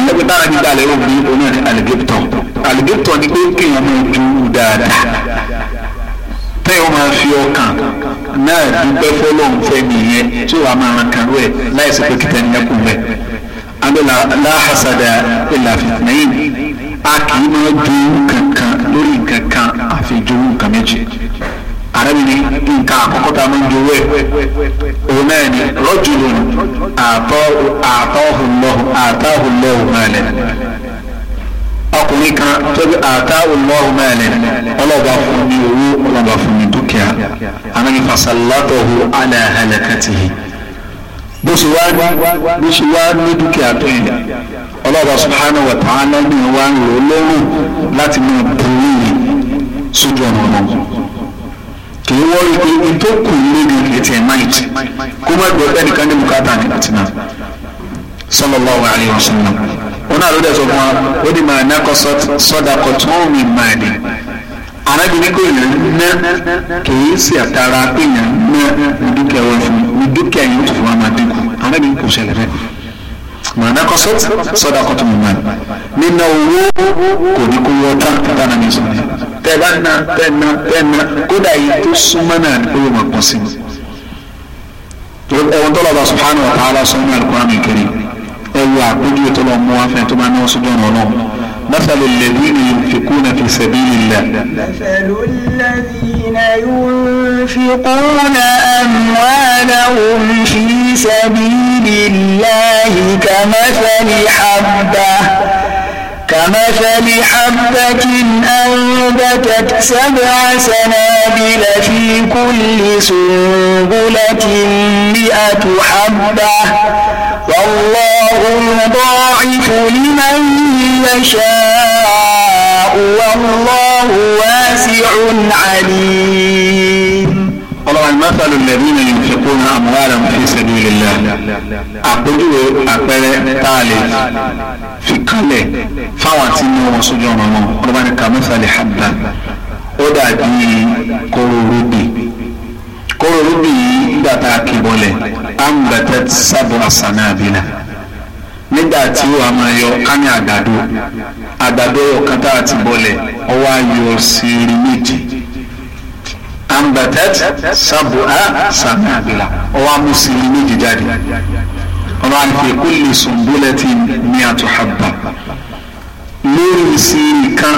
alábi táwọn ní dalẹ̀ ó bí oní àlẹ́gẹ́tọ̀ àlẹ́gẹ́tọ̀ ni pé kéèyàn máa ju dáadáa tẹ́ ọ máa fi ọkàn náà dúpẹ́ fọlọ́n fẹ́mi yẹn tí wàá máa ran kan rẹ̀ láìsí pé kìtẹ́ nẹ́kùn rẹ̀ abẹ́là láhàsàdà ìlà fìtìnẹ́yìn a kì í máa ju kankan lórí kankan àfi nǹkan méjì arábìnrin nǹkan àkọ́kọ́ tá a máa ń jowó ẹ̀ òun náà ni rọ́jùlù àtọ́ àtọ́ hùlọ́ náà lẹ́nu ọkùnrin kan tóbi àtà olùwàhùn mẹ́rin ọlọ́ba fún mi owó ọlọ́ba fún mi dúkìá anáni fasalátọ̀hu alẹ́ ẹlẹ́kẹ́tìhì bó ṣe wá bó ṣe wá ní dúkìá tó yẹn ọlọ́ba subhanahu wa ta'ala ní wa ń lò lọ́rùn láti mú burú yìí sójú ọ̀nà ọ̀nà kì í wọ́n rí i tó kù lórí ètò ẹ̀ kó má gbọ́ ẹnìkan ní bùkátà ní àtìmá sallallahu alayhi wa sallam wọn náà ló dẹ̀ sọ fún wa ó di màá ná kọ sọ́dà kọ tó ń mi màá ni arábìnrin kò yàn ná kìí sì àtàrà pé yàn ná dúkìá wọn fún mi dúkìá yìí tó fún wa máa dínkù arábìnrin kò ṣẹlẹ̀ bẹ́ẹ̀ màá ná kọ sọ́dà kọ tó mi màá ni nínú owó kò ní kó wọ́ tán tánà ní sọ́dà tẹ́ bá ná tẹ́ ná tẹ́ ná kódà yìí tó súnmọ́ náà ni ó yẹ máa pọ̀ sí i ẹ̀wọ̀n tó lọ́ba subhanahu wa ta'ala sọ́nà al-Qur'an al-Karim. ẹwù àpéjú tó lọ mú wá مثل الذين ينفقون في سبيل الله مثل الذين ينفقون أموالهم في سبيل الله كمثل حبة كمثل حبة أنبتت سبع سنابل في كل سنبلة مئة حبة والله يضاعف لمن يشاء والله واسع عليم ọlọ́run مثل الذين ينفقون أموالهم في سبيل الله àpèjúwe àpẹẹrẹ tá a lè fi kalẹ̀ fáwọn tí ní wọn sójú ọ̀nà náà ọlọ́run kà مثل حبة ó dàbí kóró rúbì kóró rúbì yìí gbàtà kìbọlẹ̀ àǹbẹ̀tẹ̀ sábọ̀ àṣànà àbílà nígbà tí wàá máa yọ kání àgbàdo àgbàdo ọ̀kan tá a ti bọlẹ̀ ọwọ́ ayọ̀ sírí méjì àǹbẹ̀tẹ̀ sábọ̀ àṣànà àbílà ọwọ́ amú sírí méjì jáde ọba àti kulli sumbulati mi'atu habba lórí sírí kan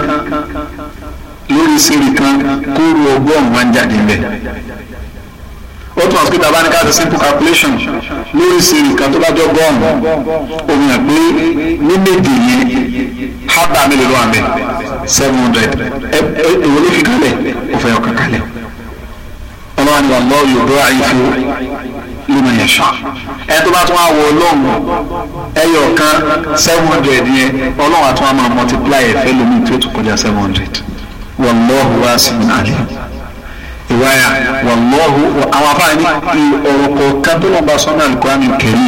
lórí sírí kan kóró ọgbọ́n wá ń jáde bẹ́ẹ̀ ó tún àti bàbá ní ká ṣe simple calculation lórí ìṣèlú kan tó bá jọ gọ́ọ̀mù omi hàn pé límìtì yẹn hábà mélòó ló wà mẹ́ seven hundred èwo ló fi kalẹ̀ ó fẹ́ ọkàn kalẹ̀ ọlọ́run ni wàá lọ́ọ́ yóò dọ́ àyè fún lómi yẹn ṣá ẹ tó bá tún wá wọ ọlọ́run ẹyọ kan seven hundred yẹn ọlọ́run àtún wá máa multiply ẹ̀fẹ́ lómi tó tún kọjá seven hundred wàá lọ́ọ́ wá sí àlẹ́ ìwáyà wàlọ́hù àwọn afáàní ọ̀rọ̀ kọ̀ọ̀kan tó lọ́ba sọ́nà alukóhánì kẹ́lí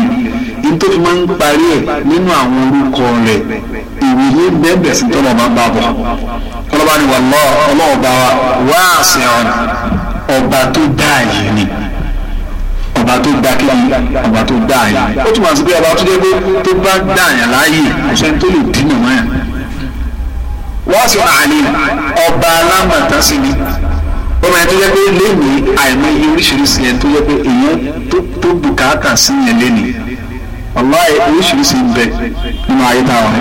ní tó fi máa ń parí ẹ̀ nínú àwọn orúkọ rẹ̀ ìwúyé bẹ́ẹ̀ sí tọ́lọ̀ máa ń bá bọ̀ ọlọ́ba ni wàlọ́ ọlọ́ọ̀bá wa wáàsì ọ̀nà ọba tó dáa yìí ni ọba tó gbà kébi ọba tó gbà yìí ó túmọ̀ sí pé ọba tó jẹ́ pé tó bá gbà yàn láàyè ọ̀sẹ̀ tó lè dín nàmọ́ yàn wọ́n sì rà á ní ọba alámọ̀tán sí ni ó máa tó yẹ pé léèmí àìmọye oríṣiríṣi yẹn tó yẹ pé èèyàn tó bùkátà sí yẹn lénìí wàláì oríṣiríṣi ń bẹ nínú ayé táwọn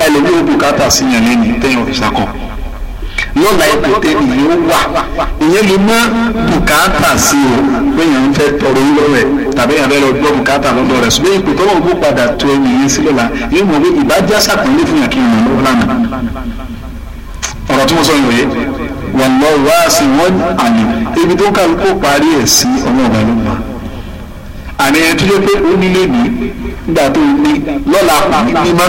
ẹ lè ní o bùkátà sí yẹn lénìí téèyàn fi sakọ lọ́la ìpètè nìyí ó wà ìyẹn lè má bùkátà sí o bẹ́yàn ń fẹ́ tọrọ yín lọ́wọ́ ẹ̀ tàbí ìyàn fẹ́ lọ bùkátà lọ́dọ̀ rẹ̀ ṣùgbọ́n ìpè tọ́wọ́ gbó padà tó ẹni yẹn sí lọ́la yóò mọ̀ pé ìbájá sàpọ̀nlé fún yàn kí n mọ̀ lọ́wọ́ lánàá ọ̀rọ̀ tí mo sọ yìí wòye wallahu wasi'un alim ibi tó ń kálukú parí ẹ̀ sí ọlọ́ọ̀bá ló mọ̀ àní ẹni tó jẹ́ pé ó nílé ní nígbà tó ní lọ́la kù ní mímọ́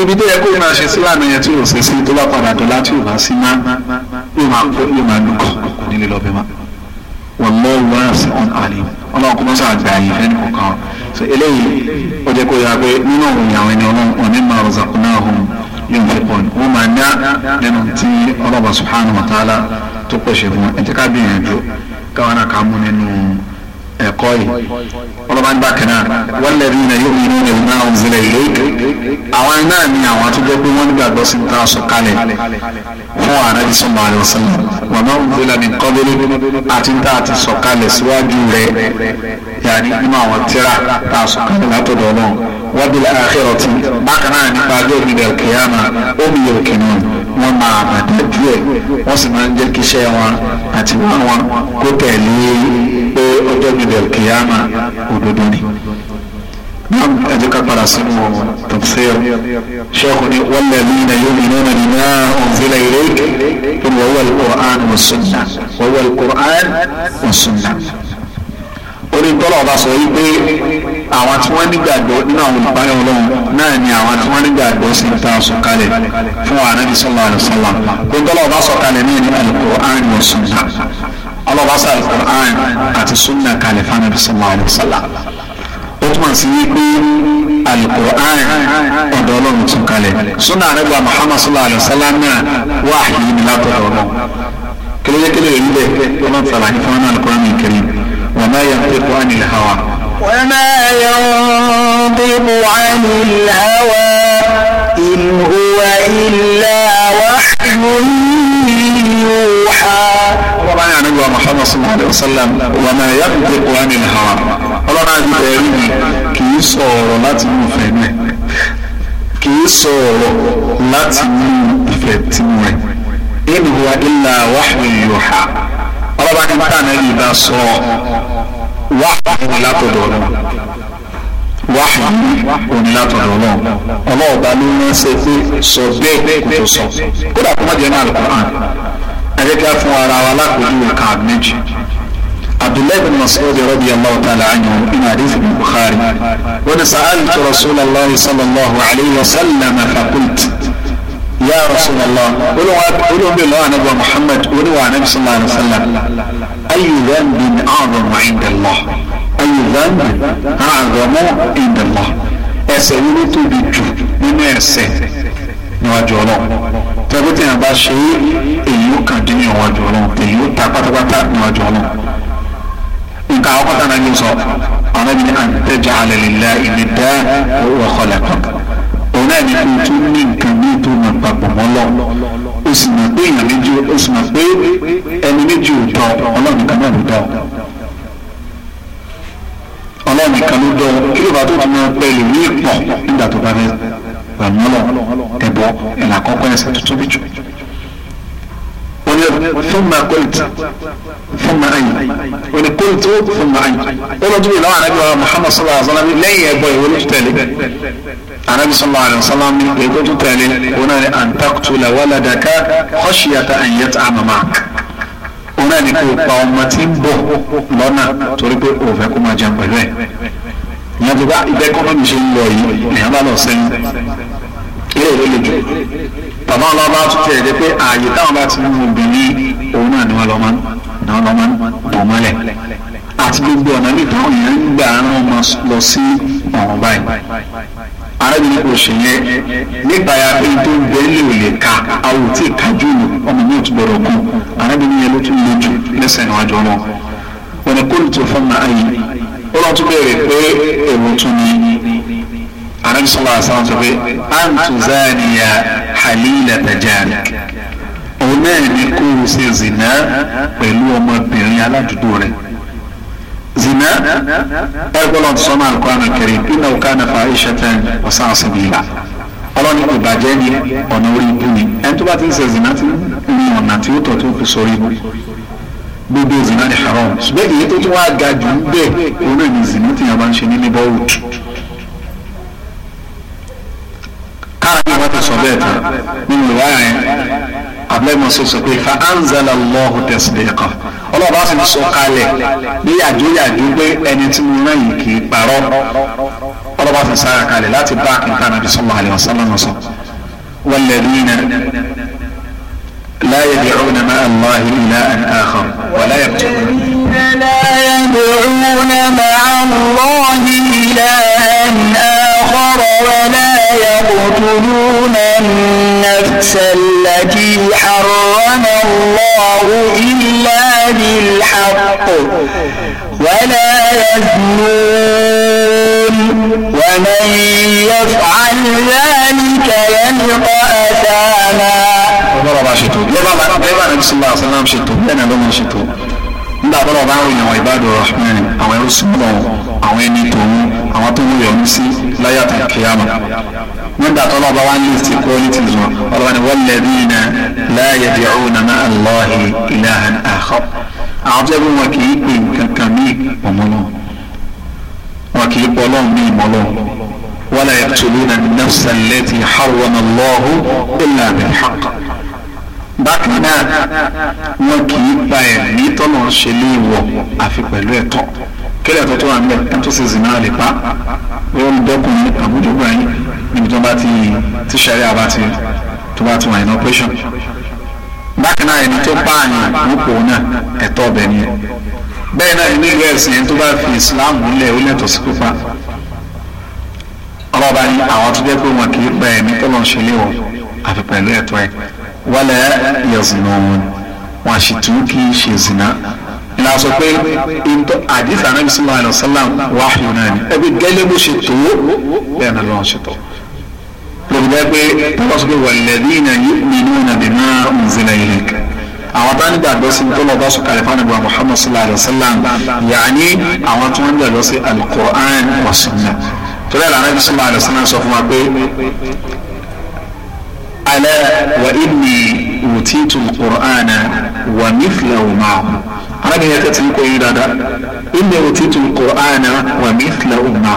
ibi tó yẹ kó máa ṣe síláàmù yẹn tí yóò ṣe sí tó bá padà dọ̀la tí yóò bá sí má yóò máa kó yóò máa dúkọ̀ kò nílé lọ́bẹ̀ má wallahu wasi'un alim ọlọ́run kò mọ́ sáà gbà yìí ẹni kọ̀ọ̀kan eléyìí ó jẹ́ kó yà pé nínú òun yàwọn ẹni ọlọ́run ọ̀nẹ́ máa rọ̀ zàkúnná yunfiqun wọ́n máa ná nínú tí ọlọ́ba subhanahu wa ta'ala tó pèsè fún ẹ jẹ́ ká gbìyànjú káwọn náà ká mú nínú ẹ̀kọ́ yìí ọlọ́ba nígbà kan náà walladhina yu'minuna bima unzila ilayk àwọn iná ni àwọn àtúndọ́ pé wọ́n nígbàgbọ́ sí ta sọ kalẹ̀ fún ànábì sallallahu alaihi wasallam wa ma unzila min qabli àti tá a ti sọ kalẹ̀ síwájú rẹ̀ yàní nínú àwọn tíra tá a sọ kalẹ̀ látọ̀dọ̀ náà wa bil akhirati bákan náà nípa ajọ́ ìgbìdẹ̀ òkè wọ́n máa àbàdájú ẹ̀ wọ́n sì máa ń jẹ́ kí iṣẹ́ wọn àti wọn wọn kó tẹ̀lé pé ọjọ́ gbẹdẹ̀ kìyàmà òdodo ni. نعم أجيك على سنو تفسير شيخني والذين يؤمنون بما أنزل إليك وهو القرآن والسنة وهو القرآن والسنة orí tọ́lọ̀ ọba sọ wípé àwọn tí wọ́n nígbàgbọ́ nínú àwọn olùbáyọ̀ ọlọ́run náà ni àwọn tí wọ́n nígbàgbọ́ sí ní ta sọ kalẹ̀ fún ànábì sallallahu alaihi wasallam orí tọ́lọ̀ ọba sọ kalẹ̀ ní ìlú Al-Qur'an wa sunnah ọlọ́ba sọ Al-Qur'an àti sunnah kalẹ̀ fún ànábì sallallahu alaihi wasallam ó túmọ̀ sí wípé Al-Qur'an ọ̀dọ̀ ọlọ́run tún kalẹ̀ sunnah náà wáhìí ni وما ينطق عن الهوى وما ينطق عن الهوى إن هو إلا وحي يوحى طبعا يعني الله محمد صلى الله عليه وسلم وما ينطق عن الهوى ọlọ́run àti ẹ̀rí كي í لا ọ̀rọ̀ láti mú ìfẹ́ mi إن هو إلا وحي يوحى ọlọ́ba ní tànàrí bá sọ wáhùn látọ̀dọ̀ lọ wáhùn òní látọ̀dọ̀ lọ ọlọ́ọ̀ba ló ń ṣe pé sọ bẹ́ẹ̀ kò tó sọ kódà kó má jẹ́ náà lọ́kàn ẹ̀jẹ̀ kí a fún ara wa lákòókò ká méjì abdullahi bin mas'ud radiyallahu ta'ala anhu ina hadith bin bukhari wa sa'altu rasulallahi sallallahu alayhi wa sallam fa qult ya rasulallah olóhùn bẹ́ẹ̀ lọ́wọ́ anábọ̀ muhammad oníwà anábì sallallahu alayhi wa sallam ayu dhanbin a'zamu inda Allah ayu dhanbin a'zamu inda Allah ẹ̀ṣẹ̀ yìí ló tóbi jù nínú ẹ̀ṣẹ̀ níwájú ọlọ́run tẹ́gbẹ́ tí yẹn bá ṣe é èyí ó kàn dín níwájú ọlọ́run èyí ó ta pátápátá níwájú ọlọ́run nǹkan àwọn pátá náà yóò sọ àwọn ẹbí ní an taj'ala lillahi niddan wa huwa náà ni kò tún ní nǹkan ní tó máa papọ̀ mọ́ lọ o sì mọ̀ pé èèyàn méjì o sì mọ̀ pé ẹni méjì ò tọ́ ọlọ́run nìkan náà ló dá ọ ọlọ́run nìkan ló dá ọ kí ló bá tó ti máa pẹ́ lè ní ìpọ̀ nígbà tó bá fẹ́ gbàmọ́lọ̀ ẹ̀bọ ẹ̀là kọ́kọ́ ẹ̀sẹ̀ tuntun bí jù. وني ثم قلت ثم أين وني قلت ثم أين ورجل لو عن أبي محمد صلى الله عليه وسلم لن يبوي ونجتلي عن أبي صلى الله عليه وسلم يقول تالي هنا أن تقتل ولدك خشية أن يتعم معك هنا نقول قومة بو لنا تريد أوفاكما جنبه ìyẹn tó bá ìbẹ́kọ́nọ́mì ṣe ń lọ yìí ìyẹn bá lọ sẹ́yìn ilé ìwé lè jù bàbá ọlọ́ba tún tẹ̀ ẹ́ pé ààyè táwọn bá ti mú obìnrin òun náà ni wọ́n lọ́ máa ń lọ́ máa ń bò mọ́lẹ̀ àti gbogbo ọ̀nà ní táwọn èèyàn ń gbà ń rán wọn lọ sí ọ̀run báyìí arábìnrin kò ṣe yẹn nípa ya pé tó ń bẹ́ẹ̀ lè lè ka àwọn tí ì kájú ọmọ mi ò tún gbọdọ̀ kú arábìnrin yẹn ló tún lè jù lẹ́sẹ̀ níwájú ọmọ wọn ni kóòtù fún mi ayé ó lọ́ọ́ tún bẹ̀rẹ̀ pé èrò tún ni anabi sọlá asan sọ pé antuzaniya halila tajari òun náà ní kó o ṣe zina pẹ̀lú ọmọbìnrin aládùúgbò rẹ̀ zina ẹgbẹ́lọ́n tó sọ́nà alukóran kẹrin iná òkà náà fa iṣẹ́tẹ̀ ọ̀sán àṣìbìlà ọlọ́ni kò bàjẹ́ ní ọ̀nà orí ibú ni ẹni tó bá ti ń ṣe zina ti ní ọ̀nà tí ó tọ̀ tó fi sórí ibú gbogbo zina ni haram ṣùgbọ́n èyí tó tún wá ga jù ń bẹ̀ òun náà tí yàrá ń ṣe ní neighborhood. arábí wọn ti sọ bẹ́ẹ̀ tán nínú ìwà yẹn abẹ́mọ̀ sọ sọ pé fa anzala allahu tasdiqa ọlọ́ọ̀bá sì ń sọ kalẹ̀ ní yàjóyàjó pé ẹni tí mo rán yìí kì í parọ́ ọlọ́ọ̀bá sì ń sára kalẹ̀ láti bá nǹkan àbí sallallahu alaihi wasallam sọ walladhina لا يدعون مع الله إلها آخر ولا يقتلون لا يدعون مع الله إلها آخر ولا يقتلون النفس التي حرم الله إلا بالحق ولا يزنون ومن يفعل ذلك يلقى أثاما ضرب شتو ضرب ضرب صلى الله عليه وسلم شتو لنا لمن شتو nígbà tó lọ bá ń ròyìn àwọn ìbádọ̀ rahman àwọn ẹrú súnmọ́ àwọn ẹni tòun àwọn tó wúyọ̀ ní sí láyàtà kíyàmà nígbà tó lọ bá wá ní ìsìn quality wọn ọlọ́wà ni walladhina la yad'una ma'a Allahi ilahan akhar àwọn tó yẹ kí wọn kì í pè nǹkan kan ní ìpamọ́ wọn kì í pọ̀ lọ́hùn ní ìmọ̀ bákan náà wọn kì í gba ẹ̀mí tọ́nà ṣe lé wọ̀ àfi pẹ̀lú ẹ̀tọ́ kílẹ̀ tó tó wà níbẹ̀ ẹni tó sì zì náà lè pa wọ́n dẹ́kun àbújọ gbàyìn níbi tó bá ti ti ṣẹ̀rí àbá ti tó bá ti wà ní operation bákan náà ẹni tó pààyàn nípò náà ẹ̀tọ́ ọbẹ̀ ni bẹ́ẹ̀ náà nílùú ẹ̀sìn ẹni tó bá fi Islam lẹ̀ ó lẹ́tọ̀ọ́ sí pípa ọlọ́ba ni àwọn tó jẹ́ pé wọn kì í gba ẹ̀mí tọ́nà ṣe lé wọ̀ àfi pẹ̀lú ẹ̀tọ́ ẹ̀ wala yazinun wọn àṣì tí wọn kì í ṣe zina ìlà sọ pé ìtọ́ àdìsí anábì sallallahu alaihi wasallam wahyu náà ni ẹbí gẹ́lẹ́ bó ṣe tó bẹ́ẹ̀ náà lọ́wọ́ ṣe tó. lóbi dẹ́ pé tọ́lá sọ pé walladhina yu'minuna bima unzila ilayka àwọn bá ń gbàgbọ́ sí tó lọ bá sọ kàlẹ́ fún àwọn muhammad sallallahu alayhi wa yaani àwọn tó ń gbàgbọ́ sí alukur'an wa sunna torí àlànà ibi sallallahu alayhi sọ fún wa pé alẹ́ wà ìní òtí tún kùránà wà nífìlẹ̀ òmà arábìnrin tẹ̀sí ń kọ́ yín dáadáa ìní òtí tún kùránà wà nífìlẹ̀ òmà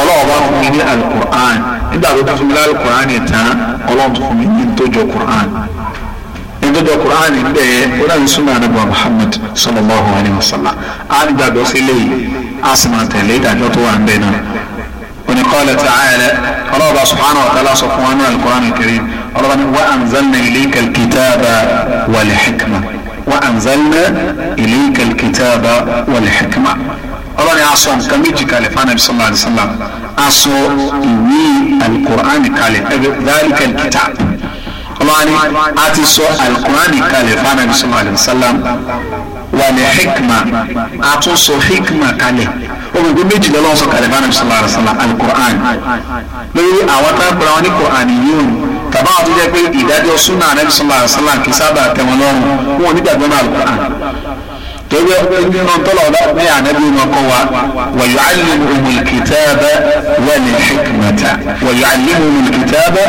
ọlọ́wọ́ bá fún mi ní alukur'an nígbà tó fún mi ní alukur'an yẹn tán ọlọ́wọ́ tó fún mi ní ntọ́jọ kur'an ntọ́jọ kur'an yẹn bẹ́ẹ̀ ó náà ń súnmọ́ anábọ̀ muhammad sallallahu alayhi wa sallam á nígbà tó sílẹ̀ yìí á sì máa tẹ̀lé ìdájọ́ tó wà ń bẹ́ẹ̀ náà. وني قال تعالى الله سبحانه وتعالى صفوانا القرآن الكريم أرضاني وأنزلنا إليك الكتاب والحكمة وأنزلنا إليك الكتاب والحكمة أرضاني عصو كميجي كالفان صلى الله عليه وسلم عصو إني القرآن كالف ذلك الكتاب أرضاني عتصو القرآن كالفان صلى الله عليه وسلم ولحكمة عتصو حكمة كالف ọmọ ìgbé méjì lọ́wọ́ sọ kalẹ̀ bá nàbí sallallahu alaihi wasallam alukur'an lórí àwọn tá a gbọ́ra wọn ní kur'an yìí tàbá àwọn tó jẹ́ pé ìdájọ́ súnà nàbí sallallahu alaihi wasallam kì í sábà tẹ̀wọ́n lọ́rùn wọn ò náà alukur'an torí ẹni náà tọ́lọ̀ ní ànábì wọn kọ́ wa wa yu'allimuhumul kitaba wal hikmata wa yu'allimuhumul kitaba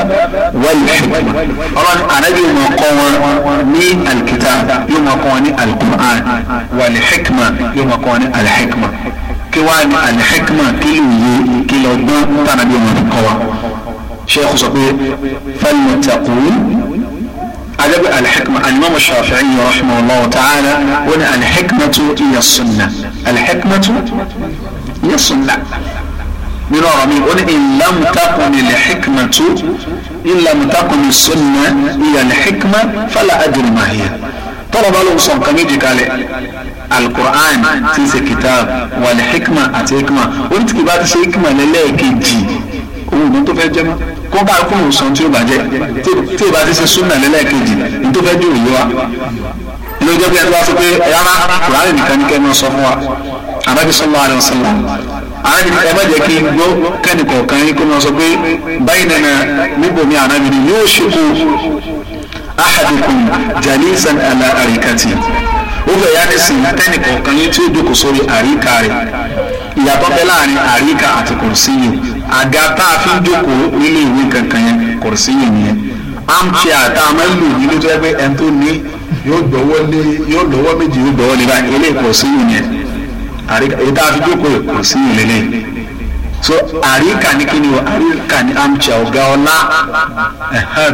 wal hikmata ọlọ́run kí wàá ní alihikma kí ló yé kí lọ gbọ́n tànà bí ọmọ nìkan wa sheikh sọ pé fẹlẹ taqul adabi alihikma alimami shafi'i rahimahullah ta'ala wani alihikmatu iya sunna alihikmatu iya sunna nínú ọ̀rọ̀ mi ó ní ìlàmùtàkùnì lẹ́xìkìmẹ̀tù ìlàmùtàkùnì sunna ìyàlẹ́xìkìmẹ̀ fẹlẹ adìrìmáyà tọ́lọ̀ bá ló ń sọ nǹkan méjì kalẹ̀. alukur'an tí ṣe kitab wàlẹ̀ hikma àti hikma oríṣiríṣi bá ti ṣe hikma lẹ́lẹ́ẹ̀kejì owó ìdún tó fẹ́ jẹ́ mọ́ kó bá kó òun sàn tí ó bàjẹ́ tí ìbá ti ṣe súnà lẹ́lẹ́ẹ̀kejì ní tó fẹ́ jẹ́ òye wa ilé ìjọba ẹni wá sọ pé rárá kùránì nìkan ní kẹ́mi sọ fún wa arábí sallallahu alaihi wasallam arábí ẹ má jẹ́ kí n gbọ́ kẹ́ni kọ̀ọ̀kan yín kó máa sọ pé báyìí nana níbo mi arábí ni yóò ṣe kó ahadukum jalisan ala arikati ó bẹ̀ yá nísìnyí tẹ́nì kọ̀ọ̀kan yín tí ó jókòó sórí àríkà rẹ̀ ìyàtọ̀ bẹ láàrin àríkà àti kùrùsíyìn àga tá a fi ń jókòó nílé ìwé kankan yẹn kùrùsíyìn yẹn amtia tá a máa ń lò nílé tó yẹ pé ẹni tó ní yóò gbọ́wọ́ lé yóò lọ́wọ́ méjì yóò gbọ́wọ́ lé báyìí ilé kùrùsíyìn yẹn àríkà èyí tá a fi jókòó kùrùsíyìn lélẹ́yìn so àríkà ní kíni o àríkà ní amcha ọ̀gá ọlá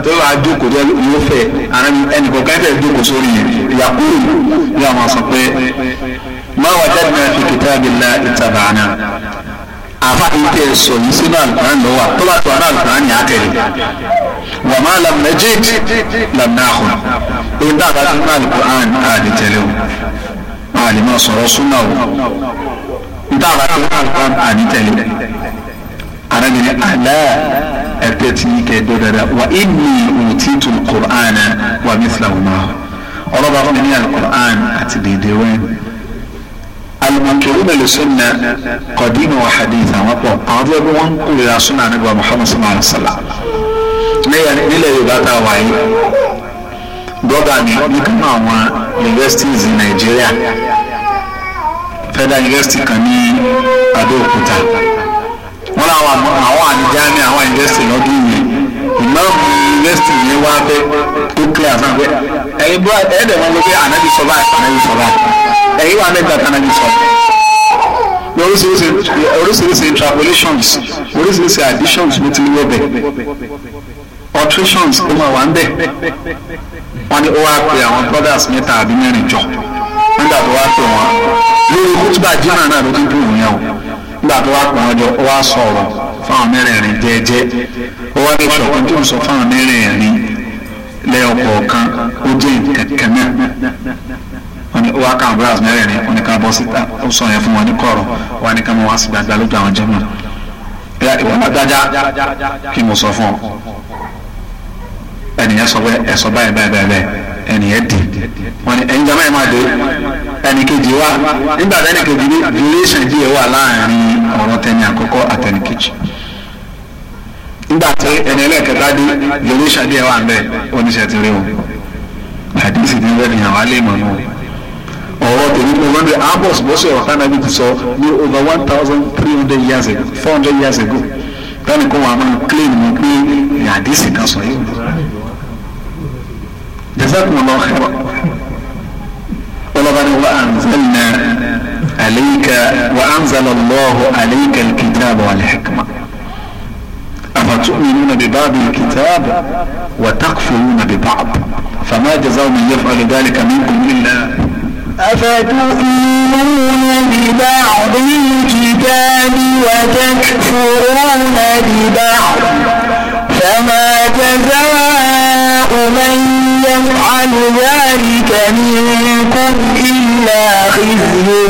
tó bá jókòó tó yóò fẹ́ ara mi ẹnì kọ̀ọ̀kan fẹ́ jókòó sórí yẹn ìyàkúrò yóò máa sọ pé má wà jáde náà fi kitabillahi ittaba'na àfa ìtẹ̀ sọ yìí sínú àlùkùránì ló wà tó bá tó àná àlùkùránì á tẹ̀lé wà má lam najid lam na'khud ó dábàá sínú àlùkùránì á lè o àlè máa sọ̀rọ̀ o nta ara tó kàn kàn àní tẹ̀lé ara mi ni àlá ẹ̀fẹ́ tí kẹ̀ dọ́ dada wa inni utitu al-Qur'ana wa mithlahu ma'ahu ọlọ́ba fún mi ní al-Qur'an àti dèdè wẹ́n al-munkiruna lis-sunnah qadiman wa hadithan àwọn pọ̀ àwọn tó yẹ kó wọ́n ń kúrira sunna ànábì Muhammad sallallahu alaihi wa sallam nílẹ̀ Yorùbá tá a wáyé brọ́dà mi ní kánú àwọn universities in Nigeria federal university kan ní Abẹ́òkúta wọ́n láwọn àwọn àdìjá ní àwọn university lọ́dún yìí ìmọ̀ọ́mù university yẹn wá bẹ́ tó clear fún abẹ́ ẹ̀yin bọ́ ẹ̀ẹ́dẹ̀ wọn ló pé ànábì sọ báyìí ànábì sọ báyìí ẹ̀yin wà mẹ́gbà tí ànábì sọ oríṣiríṣi oríṣiríṣi interpolations oríṣiríṣi additions ló ti ní wọ́bẹ̀ alterations ó máa wà ń bẹ̀ wọ́n ní ó wá pe àwọn brothers mẹ́ta àbí mẹ́rin jọ nígbà tó wá pè wọ́n lórí kútùbà jimá náà ló tún pè wọ́n yẹn o nígbà tó wá pè wọ́n jọ ó wá sọ̀rọ̀ fáwọn mẹ́rẹ̀ẹ̀rin jẹ́ẹ́jẹ́ ó wá lè sọ̀rọ̀ tó ń sọ fáwọn mẹ́rẹ̀ẹ̀rin lẹ́ọ̀kọ̀ọ̀kan ó jẹ́ nǹkan náà wa kan brass mẹ́rẹ̀ẹ̀rin wọ́n ní ká bọ́ síta ó sọ yẹn fún wọn ní kọ̀rọ̀ wọ́n ní ká mọ wá sí gbàgbà lójú àwọn jẹ́mọ̀ ẹ̀ ìwọ náà dájá kí mo sọ fún ọ ẹnìyẹn sọ pé ẹ sọ báyìí báyìí báyìí báyìí ẹnìyẹn dì wọn ni ẹ̀yin jama yẹn máa dé ẹnìkejì wa nígbà tí ẹnìkejì ní duration díẹ̀ wà láàrin ọ̀rọ̀ tẹni àkọ́kọ́ àtẹnìkejì nígbà tí ẹni ẹlẹ́kẹta dé duration díẹ̀ wà bẹ́ẹ̀ oníṣẹ́ ti rí o àdìsí ti rẹ́ nìyàwó alẹ́ mọ̀ nù ọ̀rọ̀ tèmi pé wọ́n dé abos bọ́sẹ̀ ọ̀tá náà bí ti sọ ní over one thousand three hundred years ago four hundred years ago tẹ́nìkan wà máa claim mi pé àdìsí kan sọ yìí جزاكم والآخرة ولقد وأنزلنا عليك وأنزل الله عليك الكتاب والحكمة أفتؤمنون ببعض الكتاب وتكفرون ببعض فما جزاء من يفعل ذلك منكم إلا أفتؤمنون ببعض الكتاب وتكفرون ببعض فما جزاء من يفعل ذلك منكم إلا خزي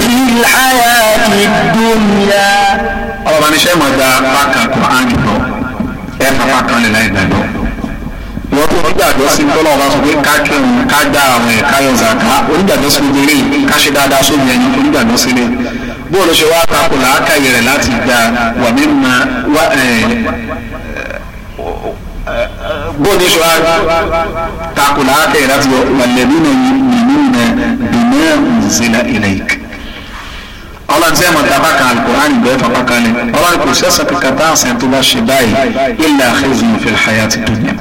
في الحياة الدنيا ọba ní sẹ́mu ẹ̀dá bákà kùránì lọ ẹ̀ bàbá kan lè láì dàgbọ́ wọ́n tó onígbàgbọ́ sí tọ́lọ́ ọba sọ pé kákẹ́hùn ká dá àwọn ẹ̀ka yọ zàká onígbàgbọ́ sí gbogbo ká ṣe dáadáa sóbi ẹni onígbàgbọ́ sí lé bóòlù ṣe wá takò làákàyè rẹ̀ láti gba wàmí ma wá ẹ̀ bóni sọ takùlà ákẹyìn láti yọ wàlẹ́bí náà nínú náà bìnnà nzìlá ìlẹ̀yìk. ọlọ́run sẹ́yìn mọ̀tà bá kan alukur'an bẹ́ẹ̀ fapá kalẹ̀ ọlọ́run kò sẹ́sẹ̀ kíkà tá àṣẹ tó bá ṣe báyìí ilà àkẹ́zùn fil hayati dunya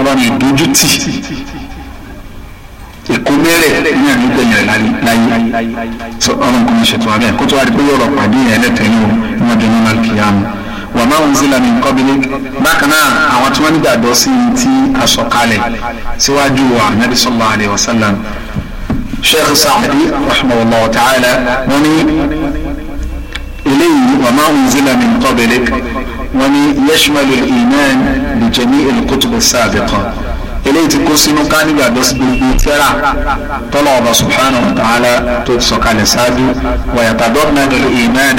ọlọ́run ìdójútì ìkúnmẹ́rẹ̀ ní àná gbẹ̀yìn láyé ọlọ́run kò ní ṣètò abẹ́ kótó àdìpé yọ̀rọ̀ pàdé ẹ̀ lẹ́tẹ̀ẹ́ wa ma unzila min qablik bákan náà àwọn tí wọ́n ní gbàgbọ́ sí i ti àsọ̀kalẹ̀ síwájú wa nabi sallallahu alayhi wa sallam sheikh Sa'di rahimahullah ta'ala wọ́n ní eléyìí wa ma unzila min qablik wọ́n ní yashmalu iman bi jami'il kutub as eléyìí ti kó sínú ká nígbàgbọ́ sí gbogbo tẹ́ra tọ́lọ̀ ọba subhanahu wa ta'ala tó ti sọ̀kalẹ̀ ṣáájú wa yatadamma al-iman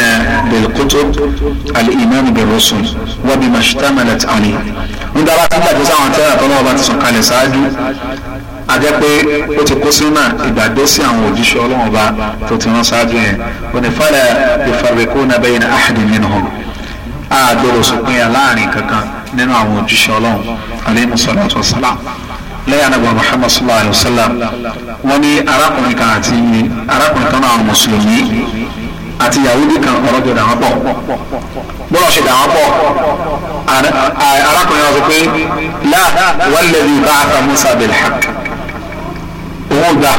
bil-kutub al-iman bir-rusul wa bima ishtamalat alayhi. ń dára tí gbàgbọ́ sáwọn tẹ́ra tọ́lọ̀ ọba ti sọ̀kalẹ̀ ṣáájú a jẹ́ pé ó ti kó sínú náà ìgbàgbọ́ sí àwọn òjíṣẹ́ ọlọ́run tó ti rán ṣáájú yẹn onífàlẹ̀ yufarriquna aleyhi salatu wa salam lẹ́yìn anagba muhammad sallallahu alayhi wa sallam wọ́n ní arákùnrin kan àti arákùnrin kan náà mùsùlùmí àti yahudi kan ọ̀rọ̀ jọ dàwọn pọ̀ bọ́lá ṣe dàwọn pọ̀ arákùnrin náà sọ pé la walladhi ba'atha musa bil haqq òun gbà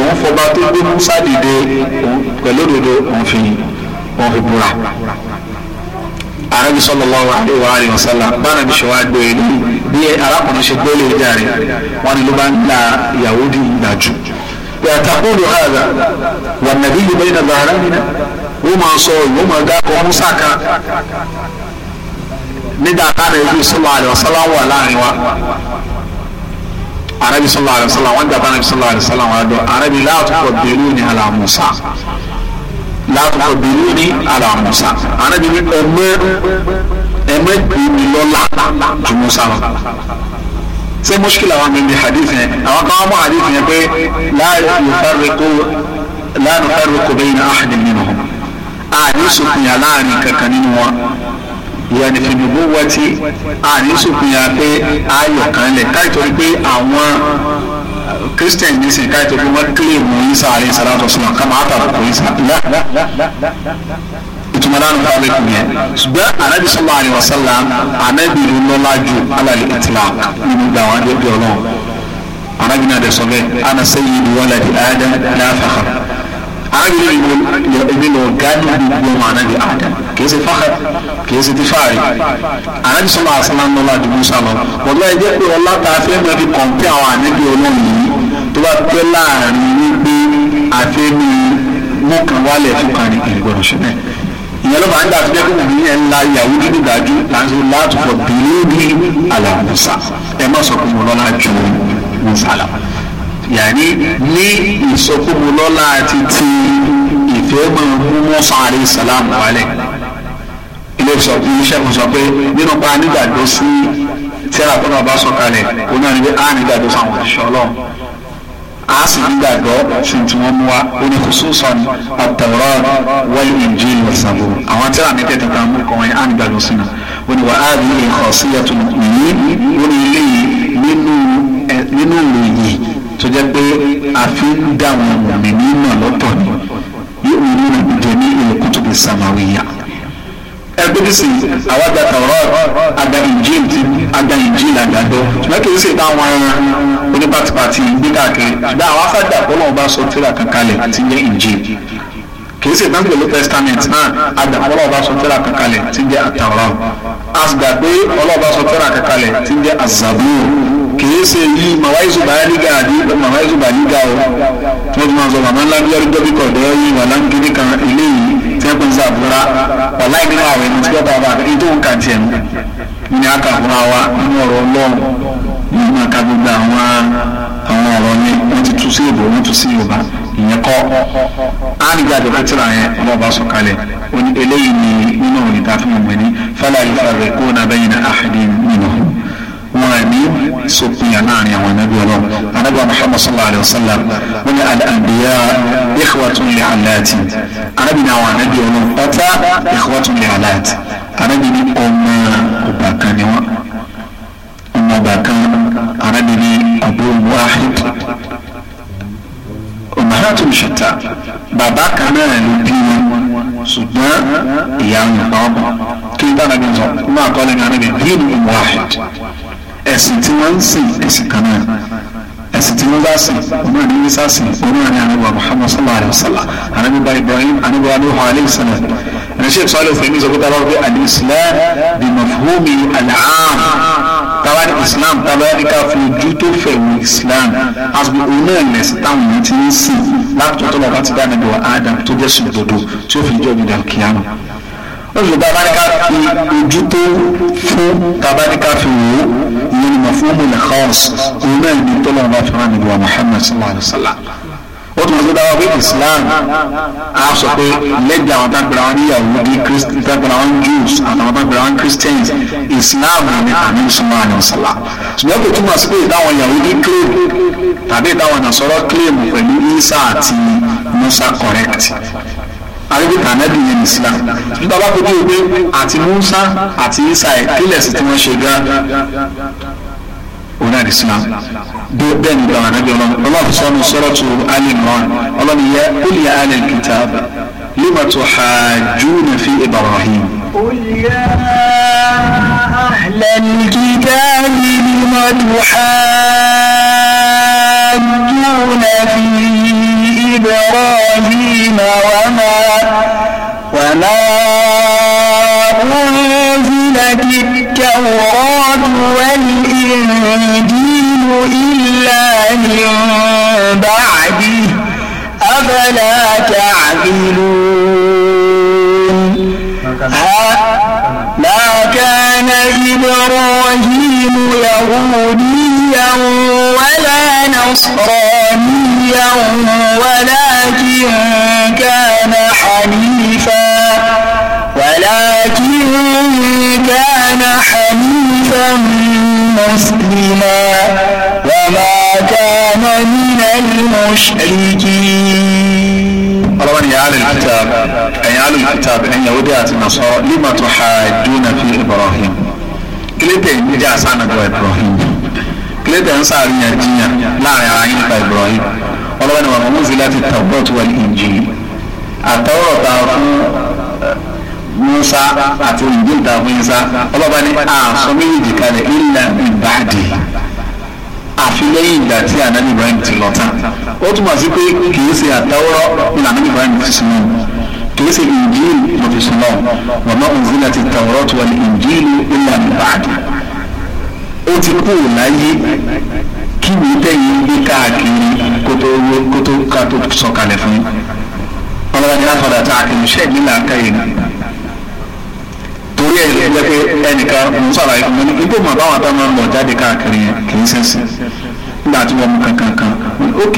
òun fọba tó gbé musa dìde pẹ̀lú òdodo òun fi òun fi búra anabi sallallahu alayhi wa alayhi wa sallam bára bí ṣọwá gbé e lórí bí arákùnrin ṣe gbé lè jàre wọn ni ló bá ń la yahudi ìdájú. yàtàkùnrin hàdà wà nàbí yìí bẹ́ẹ̀ nàbà ara nínú wọ́n máa sọ ìwọ́n máa dá ọkọ̀ musa kan nígbà kan ẹ̀rú sallallahu alayhi wa sallam wà láàrin wa anabi sallallahu alayhi wa sallam wọn gbàgbọ́ anabi sallallahu alayhi wa sallam wà lọ anabi láàtúkọ̀ ni ala musa lásìkò bìrì ní ara musa anabi ní ẹmẹ ẹmẹ bìrì lọla ju musa lọ ṣé mushkila wa mi bi hadith yẹn àwọn kan mú hadith yẹn pé láàyè ìfarikó láàyè ìfarikó bẹ́ẹ̀ ní ahadin nínú wọn àní sùkúnyà láàrin kankan nínú wọn ìyẹn fi dùbò wọ́tí àní sùkúnyà pé ayọ̀ kan lẹ̀ káyìí torí pé àwọn christian ní sìn káyọ̀ tó fi wọ́n claim ní sáré sàlátọ̀ sùnà ká máa tàbí kò ní sàn lá ìtumọ̀ náà nípa bẹ́ẹ̀ kù yẹn ṣùgbọ́n anabi sallallahu alaihi wasallam anabi ló lọ́lá ju alali itlaq nínú gbà wọn jẹ́ bí ọlọ́run anabi náà dẹ̀ sọ bẹ́ẹ̀ ana sayyidu waladi adam la fakhar anabi ló ebi lọ gáàdì gbogbo ọmọ anabi adam kìí ṣe fakhar kìí ṣe ti fàárì sallallahu alaihi wasallam lọ́lá ju musa lọ wọ́n lọ́ọ́ ẹgbẹ́ pé ọlá ta fẹ́ mẹ́rin kọ̀ǹpẹ́ àwọn anabi ọlọ́run yìí tó bá pẹ́ láàrin wípé àfẹ́mi mú kan wálẹ̀ fún kan ní ìgbọ̀nà ṣẹlẹ̀ ìyẹn ló máa ń dàbí pé kókò ní ẹ̀ńlá ìyàwó dúdú dájú láti láti fọ bìlíbi àlàmùsà ẹ má sọ pé mo lọ́la ju musa lọ yàní ní ìsọkúmọlọ́lá àti ti ìfẹ́ máa mú musa àrí sàlámù wálẹ̀ ilé sọ iléeṣẹ́ kan sọ pé nínú pa nígbàgbọ́ sí tíra tó bàbá sọ kalẹ̀ ó náà ní á nígbàgbọ́ sáwọn òṣìṣẹ́ ọlọ́run a sì gbàgbọ́ sí tí wọ́n mú wa ó ní khususan at-Tawrat wal Injil wal Zabur àwọn tí wàá mẹ́tẹ̀ẹ̀ta kan mú kọ́ wọn á ní gbàgbọ́ sínú ó ní wa hadhihi khasiyatun yìí ó ní ilé yìí nínú ìròyìn tó jẹ́ pé a fi ń dá àwọn ọmọ mi nínú ọ̀lọ́tọ̀ ni yóò rí nínú ìjọ ní ilẹ̀ kutubi samawiyya ẹgbẹ́ ní sìn àwọn àgbà tàwọn àgbà ìjìn ti àgbà ìjìn àgbàdo ṣùgbọ́n kì í ṣe táwọn onípàtìpàtì gbé káàkiri dá àwọn afájà pọ́lọ́ ọba sọ tíra kankanlẹ̀ àti ní ìjìn kì í ṣe tán pẹ̀lú testament náà àgbà pọ́lọ́ ọba sọ tíra kankanlẹ̀ ti jẹ́ àtàwọn àgbà pé ọlọ́ọ̀bá sọ tíra kankanlẹ̀ ti jẹ́ àzàbúrò kìí ṣe yí màwáìsù bá nígà àdí màwáìsù bá nígà o wọn fi máa sọ màmá ńlá bí ọdún dọ́bí kọ̀dọ́ yìí wà láńkì nìkan eléyìí sẹ́kù ń sàbúrà ọ̀la ìdílé àwọn ẹni tí wọ́n bá wà ní tó ń kà tiẹ̀ mú ní akàkùnrin ni wọ́n ti tú sí ìbò wọ́n tú sí yorùbá ìyẹn kọ́ ánìgbà tó fi tíra yẹn ọlọ́ba sọ kalẹ̀ oní eléyìí ni nínú sópin àláàrin àwọn ànábì ọlọ́run ànábì Muhammad sallallahu alayhi wa sallam wọ́n ní al-anbiya ikhwatun li alati ànábì ní àwọn ànábì ọlọ́run ọ̀tá ikhwatun li alati ànábì ní ọmọ ọba kan ni wọ́n ọmọ ọba kan ànábì ní abu wahid ummahatun shatta bàbá kan náà ló bí wọn ṣùgbọ́n ìyá wọn pa ọ́ kí n bá nàbí sọ kó máa kọ́ lẹ́nu ànábì ẹ̀sìn tí wọ́n ń sìn ẹ̀sìn kan náà ẹ̀sìn tí wọ́n bá sìn ọmọ ní wíṣà sìn ọmọ ní anábà Muhammad sallallahu alayhi wa sallam anábà Ibrahim anábà anuhu alayhi wa sallam ẹ̀ṣẹ̀ sọ́ọ́lẹ̀ òfin ní ìsọ̀kúta lọ́wọ́ pé al-Islam bí mafhumi al tàbá ní Islam tàbá ní ká fojú tó fẹ̀ wọ Islam àti òun náà táwọn yìí ti ń sìn láti tọ́tọ́ bàbá ti dá nàbẹ̀wò Adam tó jẹ́ sùn dòdò tí ó fi jọ́ ìgbìdà kíámù ó sì tabaríkà fi ojú tó fún tabaríkà fi wò ó ìyẹn ni mafhumu al-khass òun náà ní tọ́lọ́ ọba fún ànàbí wa Muhammad sallallahu alayhi wa sallam ó tún sọ dáwọ́ pé Islam á sọ pé lẹ́gbẹ̀ẹ́ àwọn tágbèrè àwọn níyàwó bí tágbèrè àwọn Jews àtàwọn tágbèrè àwọn Christians Islam ní àmì ìsúnmọ́ àlùsàlà ṣùgbọ́n kò túmọ̀ sí pé ìdáwọn Yahudi claim tàbí ìdáwọn Nasara claim pẹ̀lú Isa àti Musa correct àríwí tànẹ́bì yẹn ní islam nígbà bá kojú wípé àti musa àti isai kílẹ̀ sí tí wọ́n ṣe gan òun náà ní islam bí bẹ́ẹ̀ ni gbàgbọ́n ànábì ọlọ́run ọlọ́run sọ́nu suratu ali imran ọlọ́run yẹ qul ya ahla al-kitab lima tuhajjuna fi ibrahim. قل يا أهل الكتاب لم تحاجون فيه إبراهيم وما وما أنزلت التوراة والإنجيل إلا من بعده أفلا تعقلون ما كان إبراهيم يهوديا ولا نصرانيا ولكن كان حنيفا ولكن كان حنيفا مسلما وما كان من المشركين طبعا يا أهل الكتاب أي أهل الكتاب أن يهودية النصارى لما تحاجون في إبراهيم كلمة جاء سنة إبراهيم kílẹ̀tẹ̀ ń sàríyànjiyàn láàrin ara yín nípa Ibrahim ọlọ́wọ́ ni wọn sí láti tawrat wal injil àtọ́rọ̀ ta fún Musa àti Injil ta fún Isa ọlọ́ba ní àṣọ méjèèjì kalẹ̀ illa min ba'di ìgbà tí anabi Ibrahim ti lọ tán ó túmọ̀ sí pé kìí ṣe àtọ́rọ̀ ní anabi Ibrahim ti sùn náà kìí ṣe Injil mo fi sùn náà wa ma unzilatit tawrat wal injil illa min ba'di ó ti kú láyé kí ni tẹ́yìn gbé káàkiri kótó kótó kátó sọ̀kalẹ̀ fún yín ọlọ́run ní àfọ̀dà tá a kì í ṣe ìdílé àkàyè ni torí ẹ̀ ló jẹ́ pé ẹnìkan ń sọ̀rọ̀ ẹ̀kọ́ mọ́ ní ipò mọ̀ báwọn tó máa ń bọ̀ jáde káàkiri yẹn kì í sẹ́sìn nígbà tí wọ́n mú kankan kan ok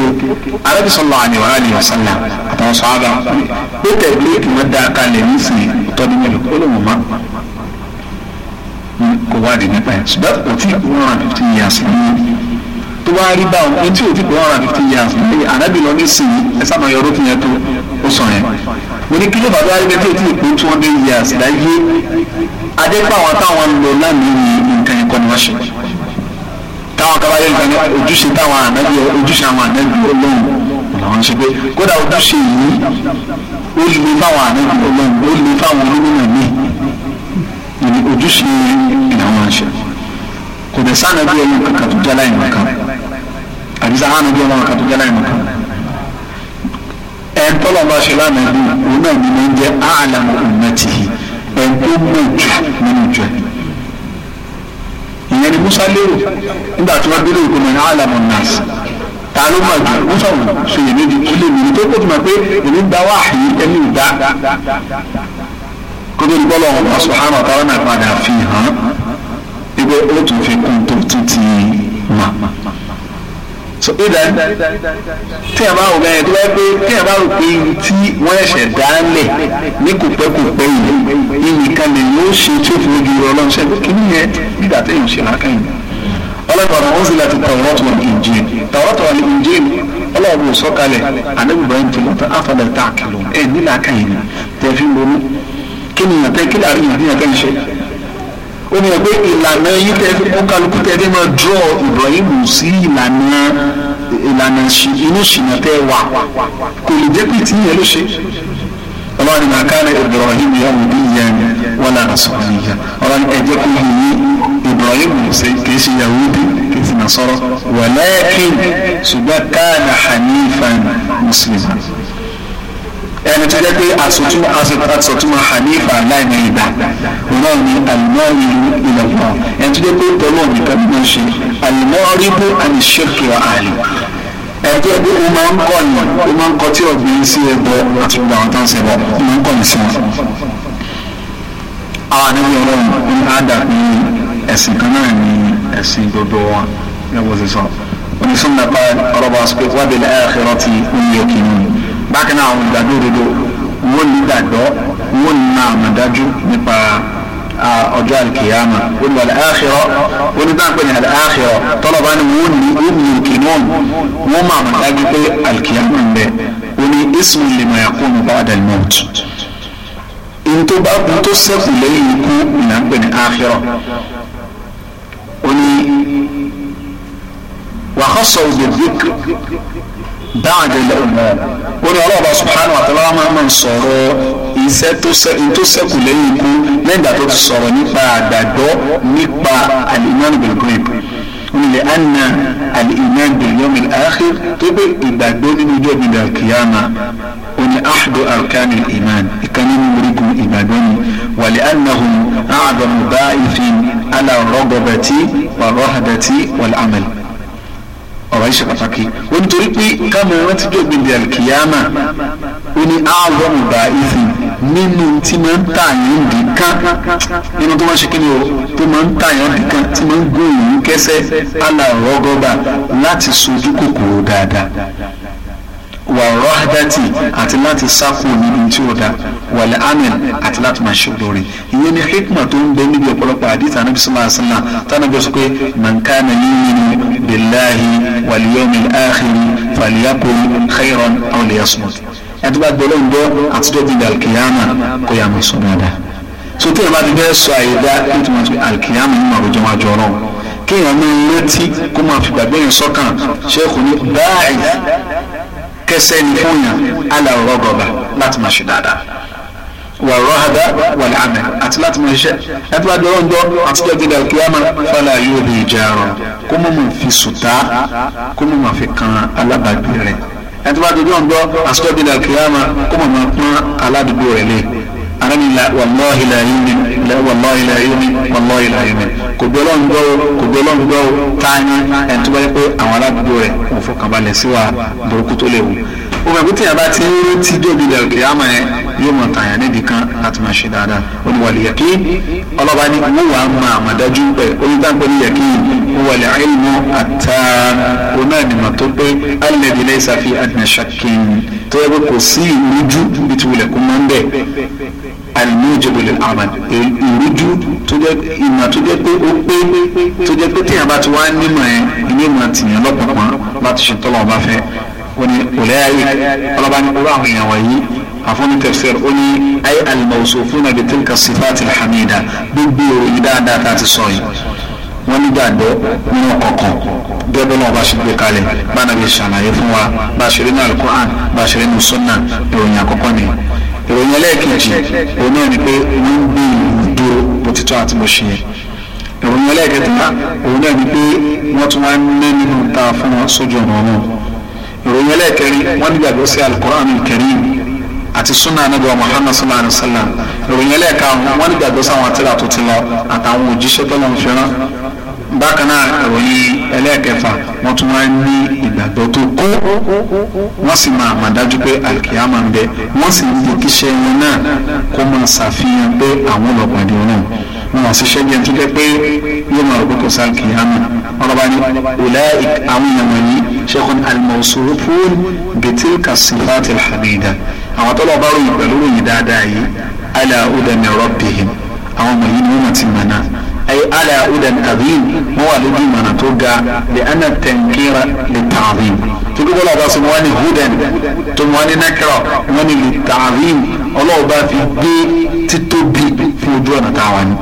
arábì sọlọ àníwá àníwá sọlá àtàwọn sọ àgbà pé tẹ̀lé ìmọ̀ dáa kalẹ̀ nísìnyí tọ́dún mélòó ó lè mọ̀ kò wádìí nípa ẹ̀ ṣùgbọ́n kò one hundred fifty years lẹ́yìn tó wá rí báwọn ohun tí one hundred fifty years lẹ́yìn ànábì lọ ní sìn ẹ sábà yọ orókì yẹn tó ó sọ yẹn mo ní kí ló bàbá rí bẹ́ẹ̀ tí ò two hundred years láyé adépa àwọn táwọn lọ lánàá ní nǹkan ẹ̀kọ́ ni wọ́n ṣe táwọn kábàlẹ̀ nǹkan ojúṣe táwọn ànábì ojúṣe àwọn ànábì ọlọ́run làwọn ṣe pé kódà ojúṣe yìí ó lè fáwọn ànábì ọlọ́run ó lè fáwọn olómìnira míì ojúṣe ìyàwó àṣẹ kò dẹ̀ sáà nàbí ọlọ́run kankan tó jẹ́ láì màkà àbí sáà nàbí ọlọ́run kankan tó jẹ́ láì màkà ẹn tọ́lọ̀ bá ṣe lánàá bí òun náà ní ló ń jẹ́ àlàmù ọ̀nàtì ẹn tó mọ̀ jù nínú jù ìyẹn ni Musa lérò nígbà tí wọ́n délé ìkọ́nà ní àlàmù ọ̀nàtì ta ló máa jù Musa ò ṣe èmi di ó lè mìíràn tó kó tó máa pé èmi gba wáhìí ẹni ò dá kótó ní bọ́lá ọmọ subhanahu wa ta'ala náà padà fi hàn ibi ó tún fi kún tó títí mà. so ìdá tí a bá wò bẹ́ẹ̀ tó bá pé tí a bá rò pé ibi tí wọ́n ẹ̀ṣẹ̀ dálẹ̀ ní kòpẹ́kòpẹ́ yìí iyì kan lè yóò ṣe tí ó fi ojú rọ ọlọ́run ṣe kí ni yẹn nígbà tí èèyàn ṣe lákàyìn. ọlọ́run àwọn ọ̀sìn láti Tawrat wal Injil Tawrat wal Injil ọlọ́run ò sọ́kalẹ̀ àdébùbọ̀ ẹ̀ ń tẹ̀lé ọ̀tọ̀ àfọ̀dẹ̀ tá a kìlọ̀ ẹ̀ nílà kí ni ìyàn fẹ́ kí làárín ìyàn fíyàn fẹ́ ń ṣe ó ní ẹ pé ìlànà yìí tẹ fi kún kálukú tẹ fi máa dúró Ibrahim sí ìlànà ìlànà inú ìṣìnà tẹ wà kò lè jẹ́ pé tí ìyẹn ló ṣe ọlọ́run máa ká lẹ Ibrahim yẹn wò bí ìyẹn wọn lára sọ̀rọ̀ nìyẹn ọlọ́run ẹ jẹ́ pé yìí ní Ibrahim kì í ṣe Yahudi kì í ṣe Nasara walakin ṣùgbọ́n káàdà hanifan musliman ẹni tó jẹ́ pé àsọtúmọ̀ àsọtúmọ̀ hanifa láìní ìgbà náà ni alimọ́ọ̀rì ìlọ̀pọ̀ ẹni tó jẹ́ pé tọ́lọ́ nìkan ló ń ṣe alimọ́ọ̀rì bó àni ṣèkì àlè ẹni tó jẹ́ pé ó máa ń kọ́ ni ó máa ń kọ́ tí ọ̀gbìn sí ẹbọ àti gbogbo àwọn tó ń ṣẹbọ ó máa ń kọ́ ni sí wọn. àwọn àníwò ọlọ́run ń ádà pé ẹ̀sìn kan náà ni ẹ̀sìn gbogbo wọn ní ọgbọ́n sísọ onísùn nàpá ọlọ́ba sọ pé wábìlì bákan náà àwọn ìgbàgbọ́ òdodo wọ́n ní gbàgbọ́ wọ́n ní máa mọ̀ dájú nípa ọjọ́ alkiyama wọ́n wà láàkírọ̀ wọ́n ní báńkì ní aláàkírọ̀ tọ́lọ̀ bá ní wọ́n ní ìmú kìnnìún wọ́n máa mọ̀ dájú pé alkiyama ń bẹ wọ́n ní ismu lima yakunu ba'da al-maut ntó bá kú tó sẹ́kù lẹ́yìn ikú ìlà ń pè ní àkírọ̀ ó ní wàhásọ̀ òdòdó dáadé lẹ́yìn náà. orí ọlọ́ọ̀bá subhanahu wa ta'ala máa máa ń sọ̀rọ̀ iṣẹ́ tó sẹ́kù lẹ́yìn ikú lẹ́yìn ìgbà tó ti sọ̀rọ̀ nípa àgbàgbọ́ nípa al-iman bil-ghaib nílẹ̀ anna al-iman bil-yawm al-akhir tó gbé ìgbàgbọ́ nínú ọjọ́ ìgbìdà kìyàmà oní ahdu arkani iman ìkànnì nínú orígun ìgbàgbọ́ ni wàlẹ̀ annahum a'zamu ba'ithin ala rọ́gọ̀bẹ̀tì wà rọ́hàbẹ̀tì wal amal. ọ̀rọ̀ yìí ṣe pàtàkì ó ní torí pé káàmù wọn ti dògbé ní alikiyama ó ní aavon baizi nínú tí máa ń tà yín dìkan nínú tó máa ṣe kíni o tó máa ń tà yín dìkan tí máa ń gún ìlú kẹsẹ láti sojú kòkòrò dáadáa wà rọ́hádátì àti láti sáko nínú tí ó da wàlẹ̀ amẹ́n àti láti máa ṣe olóore ìyẹn ni hikma tó ń bẹ níbi ọ̀pọ̀lọpọ̀ àdìsá níbi sọ́lá sọ́lá tánà bí ó sọ pé mankana yíyinu bilahi wàlíyọ́mi àkìrí fàlíyàkùn khayron àwòlẹ́yàsùmọ̀tì ẹtí bá gbọ́ lóun àtijọ́ bíi alkiyama kó yà máa sọ dáadáa so ti bẹ́ẹ̀ sọ àyè dá ètò sọ alkiyama ní màrújọ wọn àjọ náà kéèyàn máa ń rántí kó máa fi gbàgbé yẹn sọ́kàn kẹsẹ́ ni fún yàn alẹ́ ọ̀rọ̀ gọba láti máa ṣe dáadáa wà ọ̀rọ̀ àdá wà ní àmì àti láti máa ṣiṣẹ́ láti máa dọ̀rọ̀ ńjọ́ àti jẹ́ gbẹdẹ kí wọ́n máa fọlá yóò lè jẹ́ ọ̀rọ̀ kó mọ̀ mọ̀ fi sùtá kó mọ̀ mọ̀ fi kan alábàgbé rẹ̀ ẹni tó bá dojú ọ̀njọ́ àti jẹ́ gbẹdẹ kí wọ́n máa kó mọ̀ mọ̀ pọ́n aládùúgbò rẹ̀ lé arábìnrin wàlúwàhìlà yìí ilẹ̀ wàlláhi ilẹ̀ yomi wàlláhi ilẹ̀ yomi kò bí ọlọ́run gbọ́ o kò bí ọlọ́run gbọ́ o táyà ẹni tó bá yẹ pé àwọn aládùúgbò rẹ̀ kò fọkànbalẹ̀ sí wa burúkú tó léwu o mọ̀ pé tíyàbá ti ń rí tí jóbi ilẹ̀ òkè àmọ́ ẹ yóò mọ̀ tàyà nídìí kan láti máa ṣe dáadáa ó ní wàlẹ̀ yẹ̀kí ọlọ́ba ní wọ́n wàá mọ àmọ̀dájú pẹ̀ onígbàgbọ́ ní yẹ̀kí wàlẹ̀ àìlmù àtà òun náà nìmọ̀ tó pé alẹ́bí lẹ́sàfí àdìmẹ̀ṣàkìn tó yẹ pé kò sí ìrújú bí ti wulẹ̀ kó máa ń àìmójúbò lè àmà ìrújú tó jẹ́ ìmọ̀ tó jẹ́ pé ó pé tó jẹ́ pé téèyàn bá ti wá nímọ̀ ẹ̀ ilé ìmọ̀ tìyàn lọ́pọ̀pọ̀ láti ṣe tọ́lọ̀ ọba fẹ́ ó ní òlẹ́ ayé ọlọ́ba ní orú àwọn èèyàn wọ̀nyí àfọ́nù tafsir ó ní ayé al-mawsufuna bi tilka sifatil hamida gbogbo ìròyìn dáadáa tá a ti sọ yìí wọ́n nígbàgbọ́ nínú ọkàn gẹ́gẹ́ náà bá ṣe gbé kalẹ̀ bá nàbí ṣàlàyé fún wa bá ṣe rí ní alukur'an bá ṣe rí ní sunna ìròyìn àkọ́kọ́ nìyẹn ìròyìn ẹlẹ́ẹ̀kejì òun náà ni pé wọ́n ń gbé ìlú dúró bó ti tọ́ àti bó ṣe yẹ ìròyìn ẹlẹ́ẹ̀kẹta òun náà ni pé wọ́n tún wá ń lé nínú ta fún wọn sójú ọ̀nà náà ìròyìn ẹlẹ́ẹ̀kẹrin wọ́n nígbàgbọ́ sí alukoran karim àti sunna anabi wa muhammad sallallahu alaihi wa sallam ìròyìn ẹlẹ́ẹ̀karùn-ún wọ́n nígbàgbọ́ sí àwọn àtìrà tó lọ àtàwọn òjíṣẹ́ tó bákan náà ìròyìn ẹlẹ́ẹ̀kẹfà wọ́n tún wáá ní ìgbàgbọ́ tó kó wọ́n sì máa mà dájú pé àlùkìyámà ń bẹ wọ́n sì ń di kíṣẹ́ wọn náà kó máa ṣàfihàn pé àwọn ọlọ́pàdé wọn náà wọn àti ṣẹ́gi ẹni tó jẹ́ pé yóò máa rògbòkò sàlùkìyámà ọlọ́ba ní ọ̀lẹ́ àwọn èèyàn wọ̀nyí ṣẹ́kun al-mawsufun bitilka أي على أذن الأذين هو الذي ما نتوقع لأن التنكير للتعظيم تقول الله بس مواني هدى تمواني نكرا مواني للتعظيم الله با في بي تتوبي في وجوانا تعوان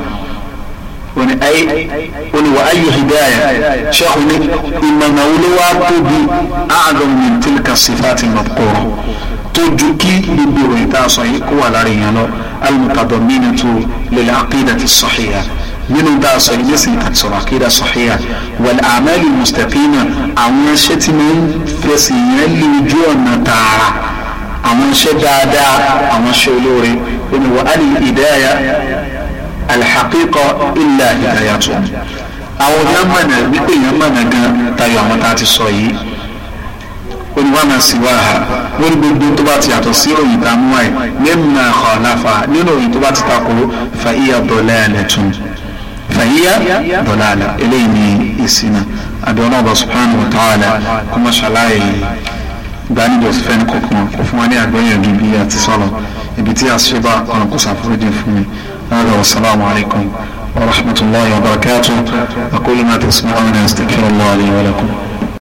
وني أي وني وأي هداية شاهدني إن نولوا تبي أعظم من تلك الصفات المذكورة تجوكي لبيوين تاسعيك ولا رينا المتضمنة للعقيدة الصحيحة nínú tá a sọ yìí nísìnyí àti sọ̀rọ̀ àkídà sọ̀híà wal a'mal mustaqima àwọn iṣẹ́ tí mo ń fẹsẹ̀ yẹn lé ojú ọ̀nà tààrà àwọn iṣẹ́ dáadáa àwọn iṣẹ́ olóore ẹni wà á ní ìdáyà alhaqiqa illa hidayatu àwọn ọ̀gá mọ̀nà wípé èèyàn mọ̀nà gan tayọ àwọn tá a ti sọ yìí olùwàmà síwáha lórí gbogbo tó bá ti yàtọ̀ sí ìròyìn tá a mú wáyé lẹ́mìnà àkọ́ àláfà nínú ìròyìn tó bá ti takò fa ìyàbọ̀ lẹ́yìn lẹ́tùn fàyíyá dọ̀làlà eléyìí ni ìṣìnà àbẹ̀wọ̀n ọba subhanahu wa ta'ala kó má ṣàlàyé gbanijọ́ sí fẹ́ni kọ̀ọ̀kan kó fún wa ní àgbẹ̀yànjú bí a ti sọ̀rọ̀ ibi tí a ṣe bá ọ̀nà kó ṣàforíjì fún mi hada wa salaamu alaykum wa rahmatulahi wa barakatuh aqulu ma tasma'una astaghfirullah li wa lakum.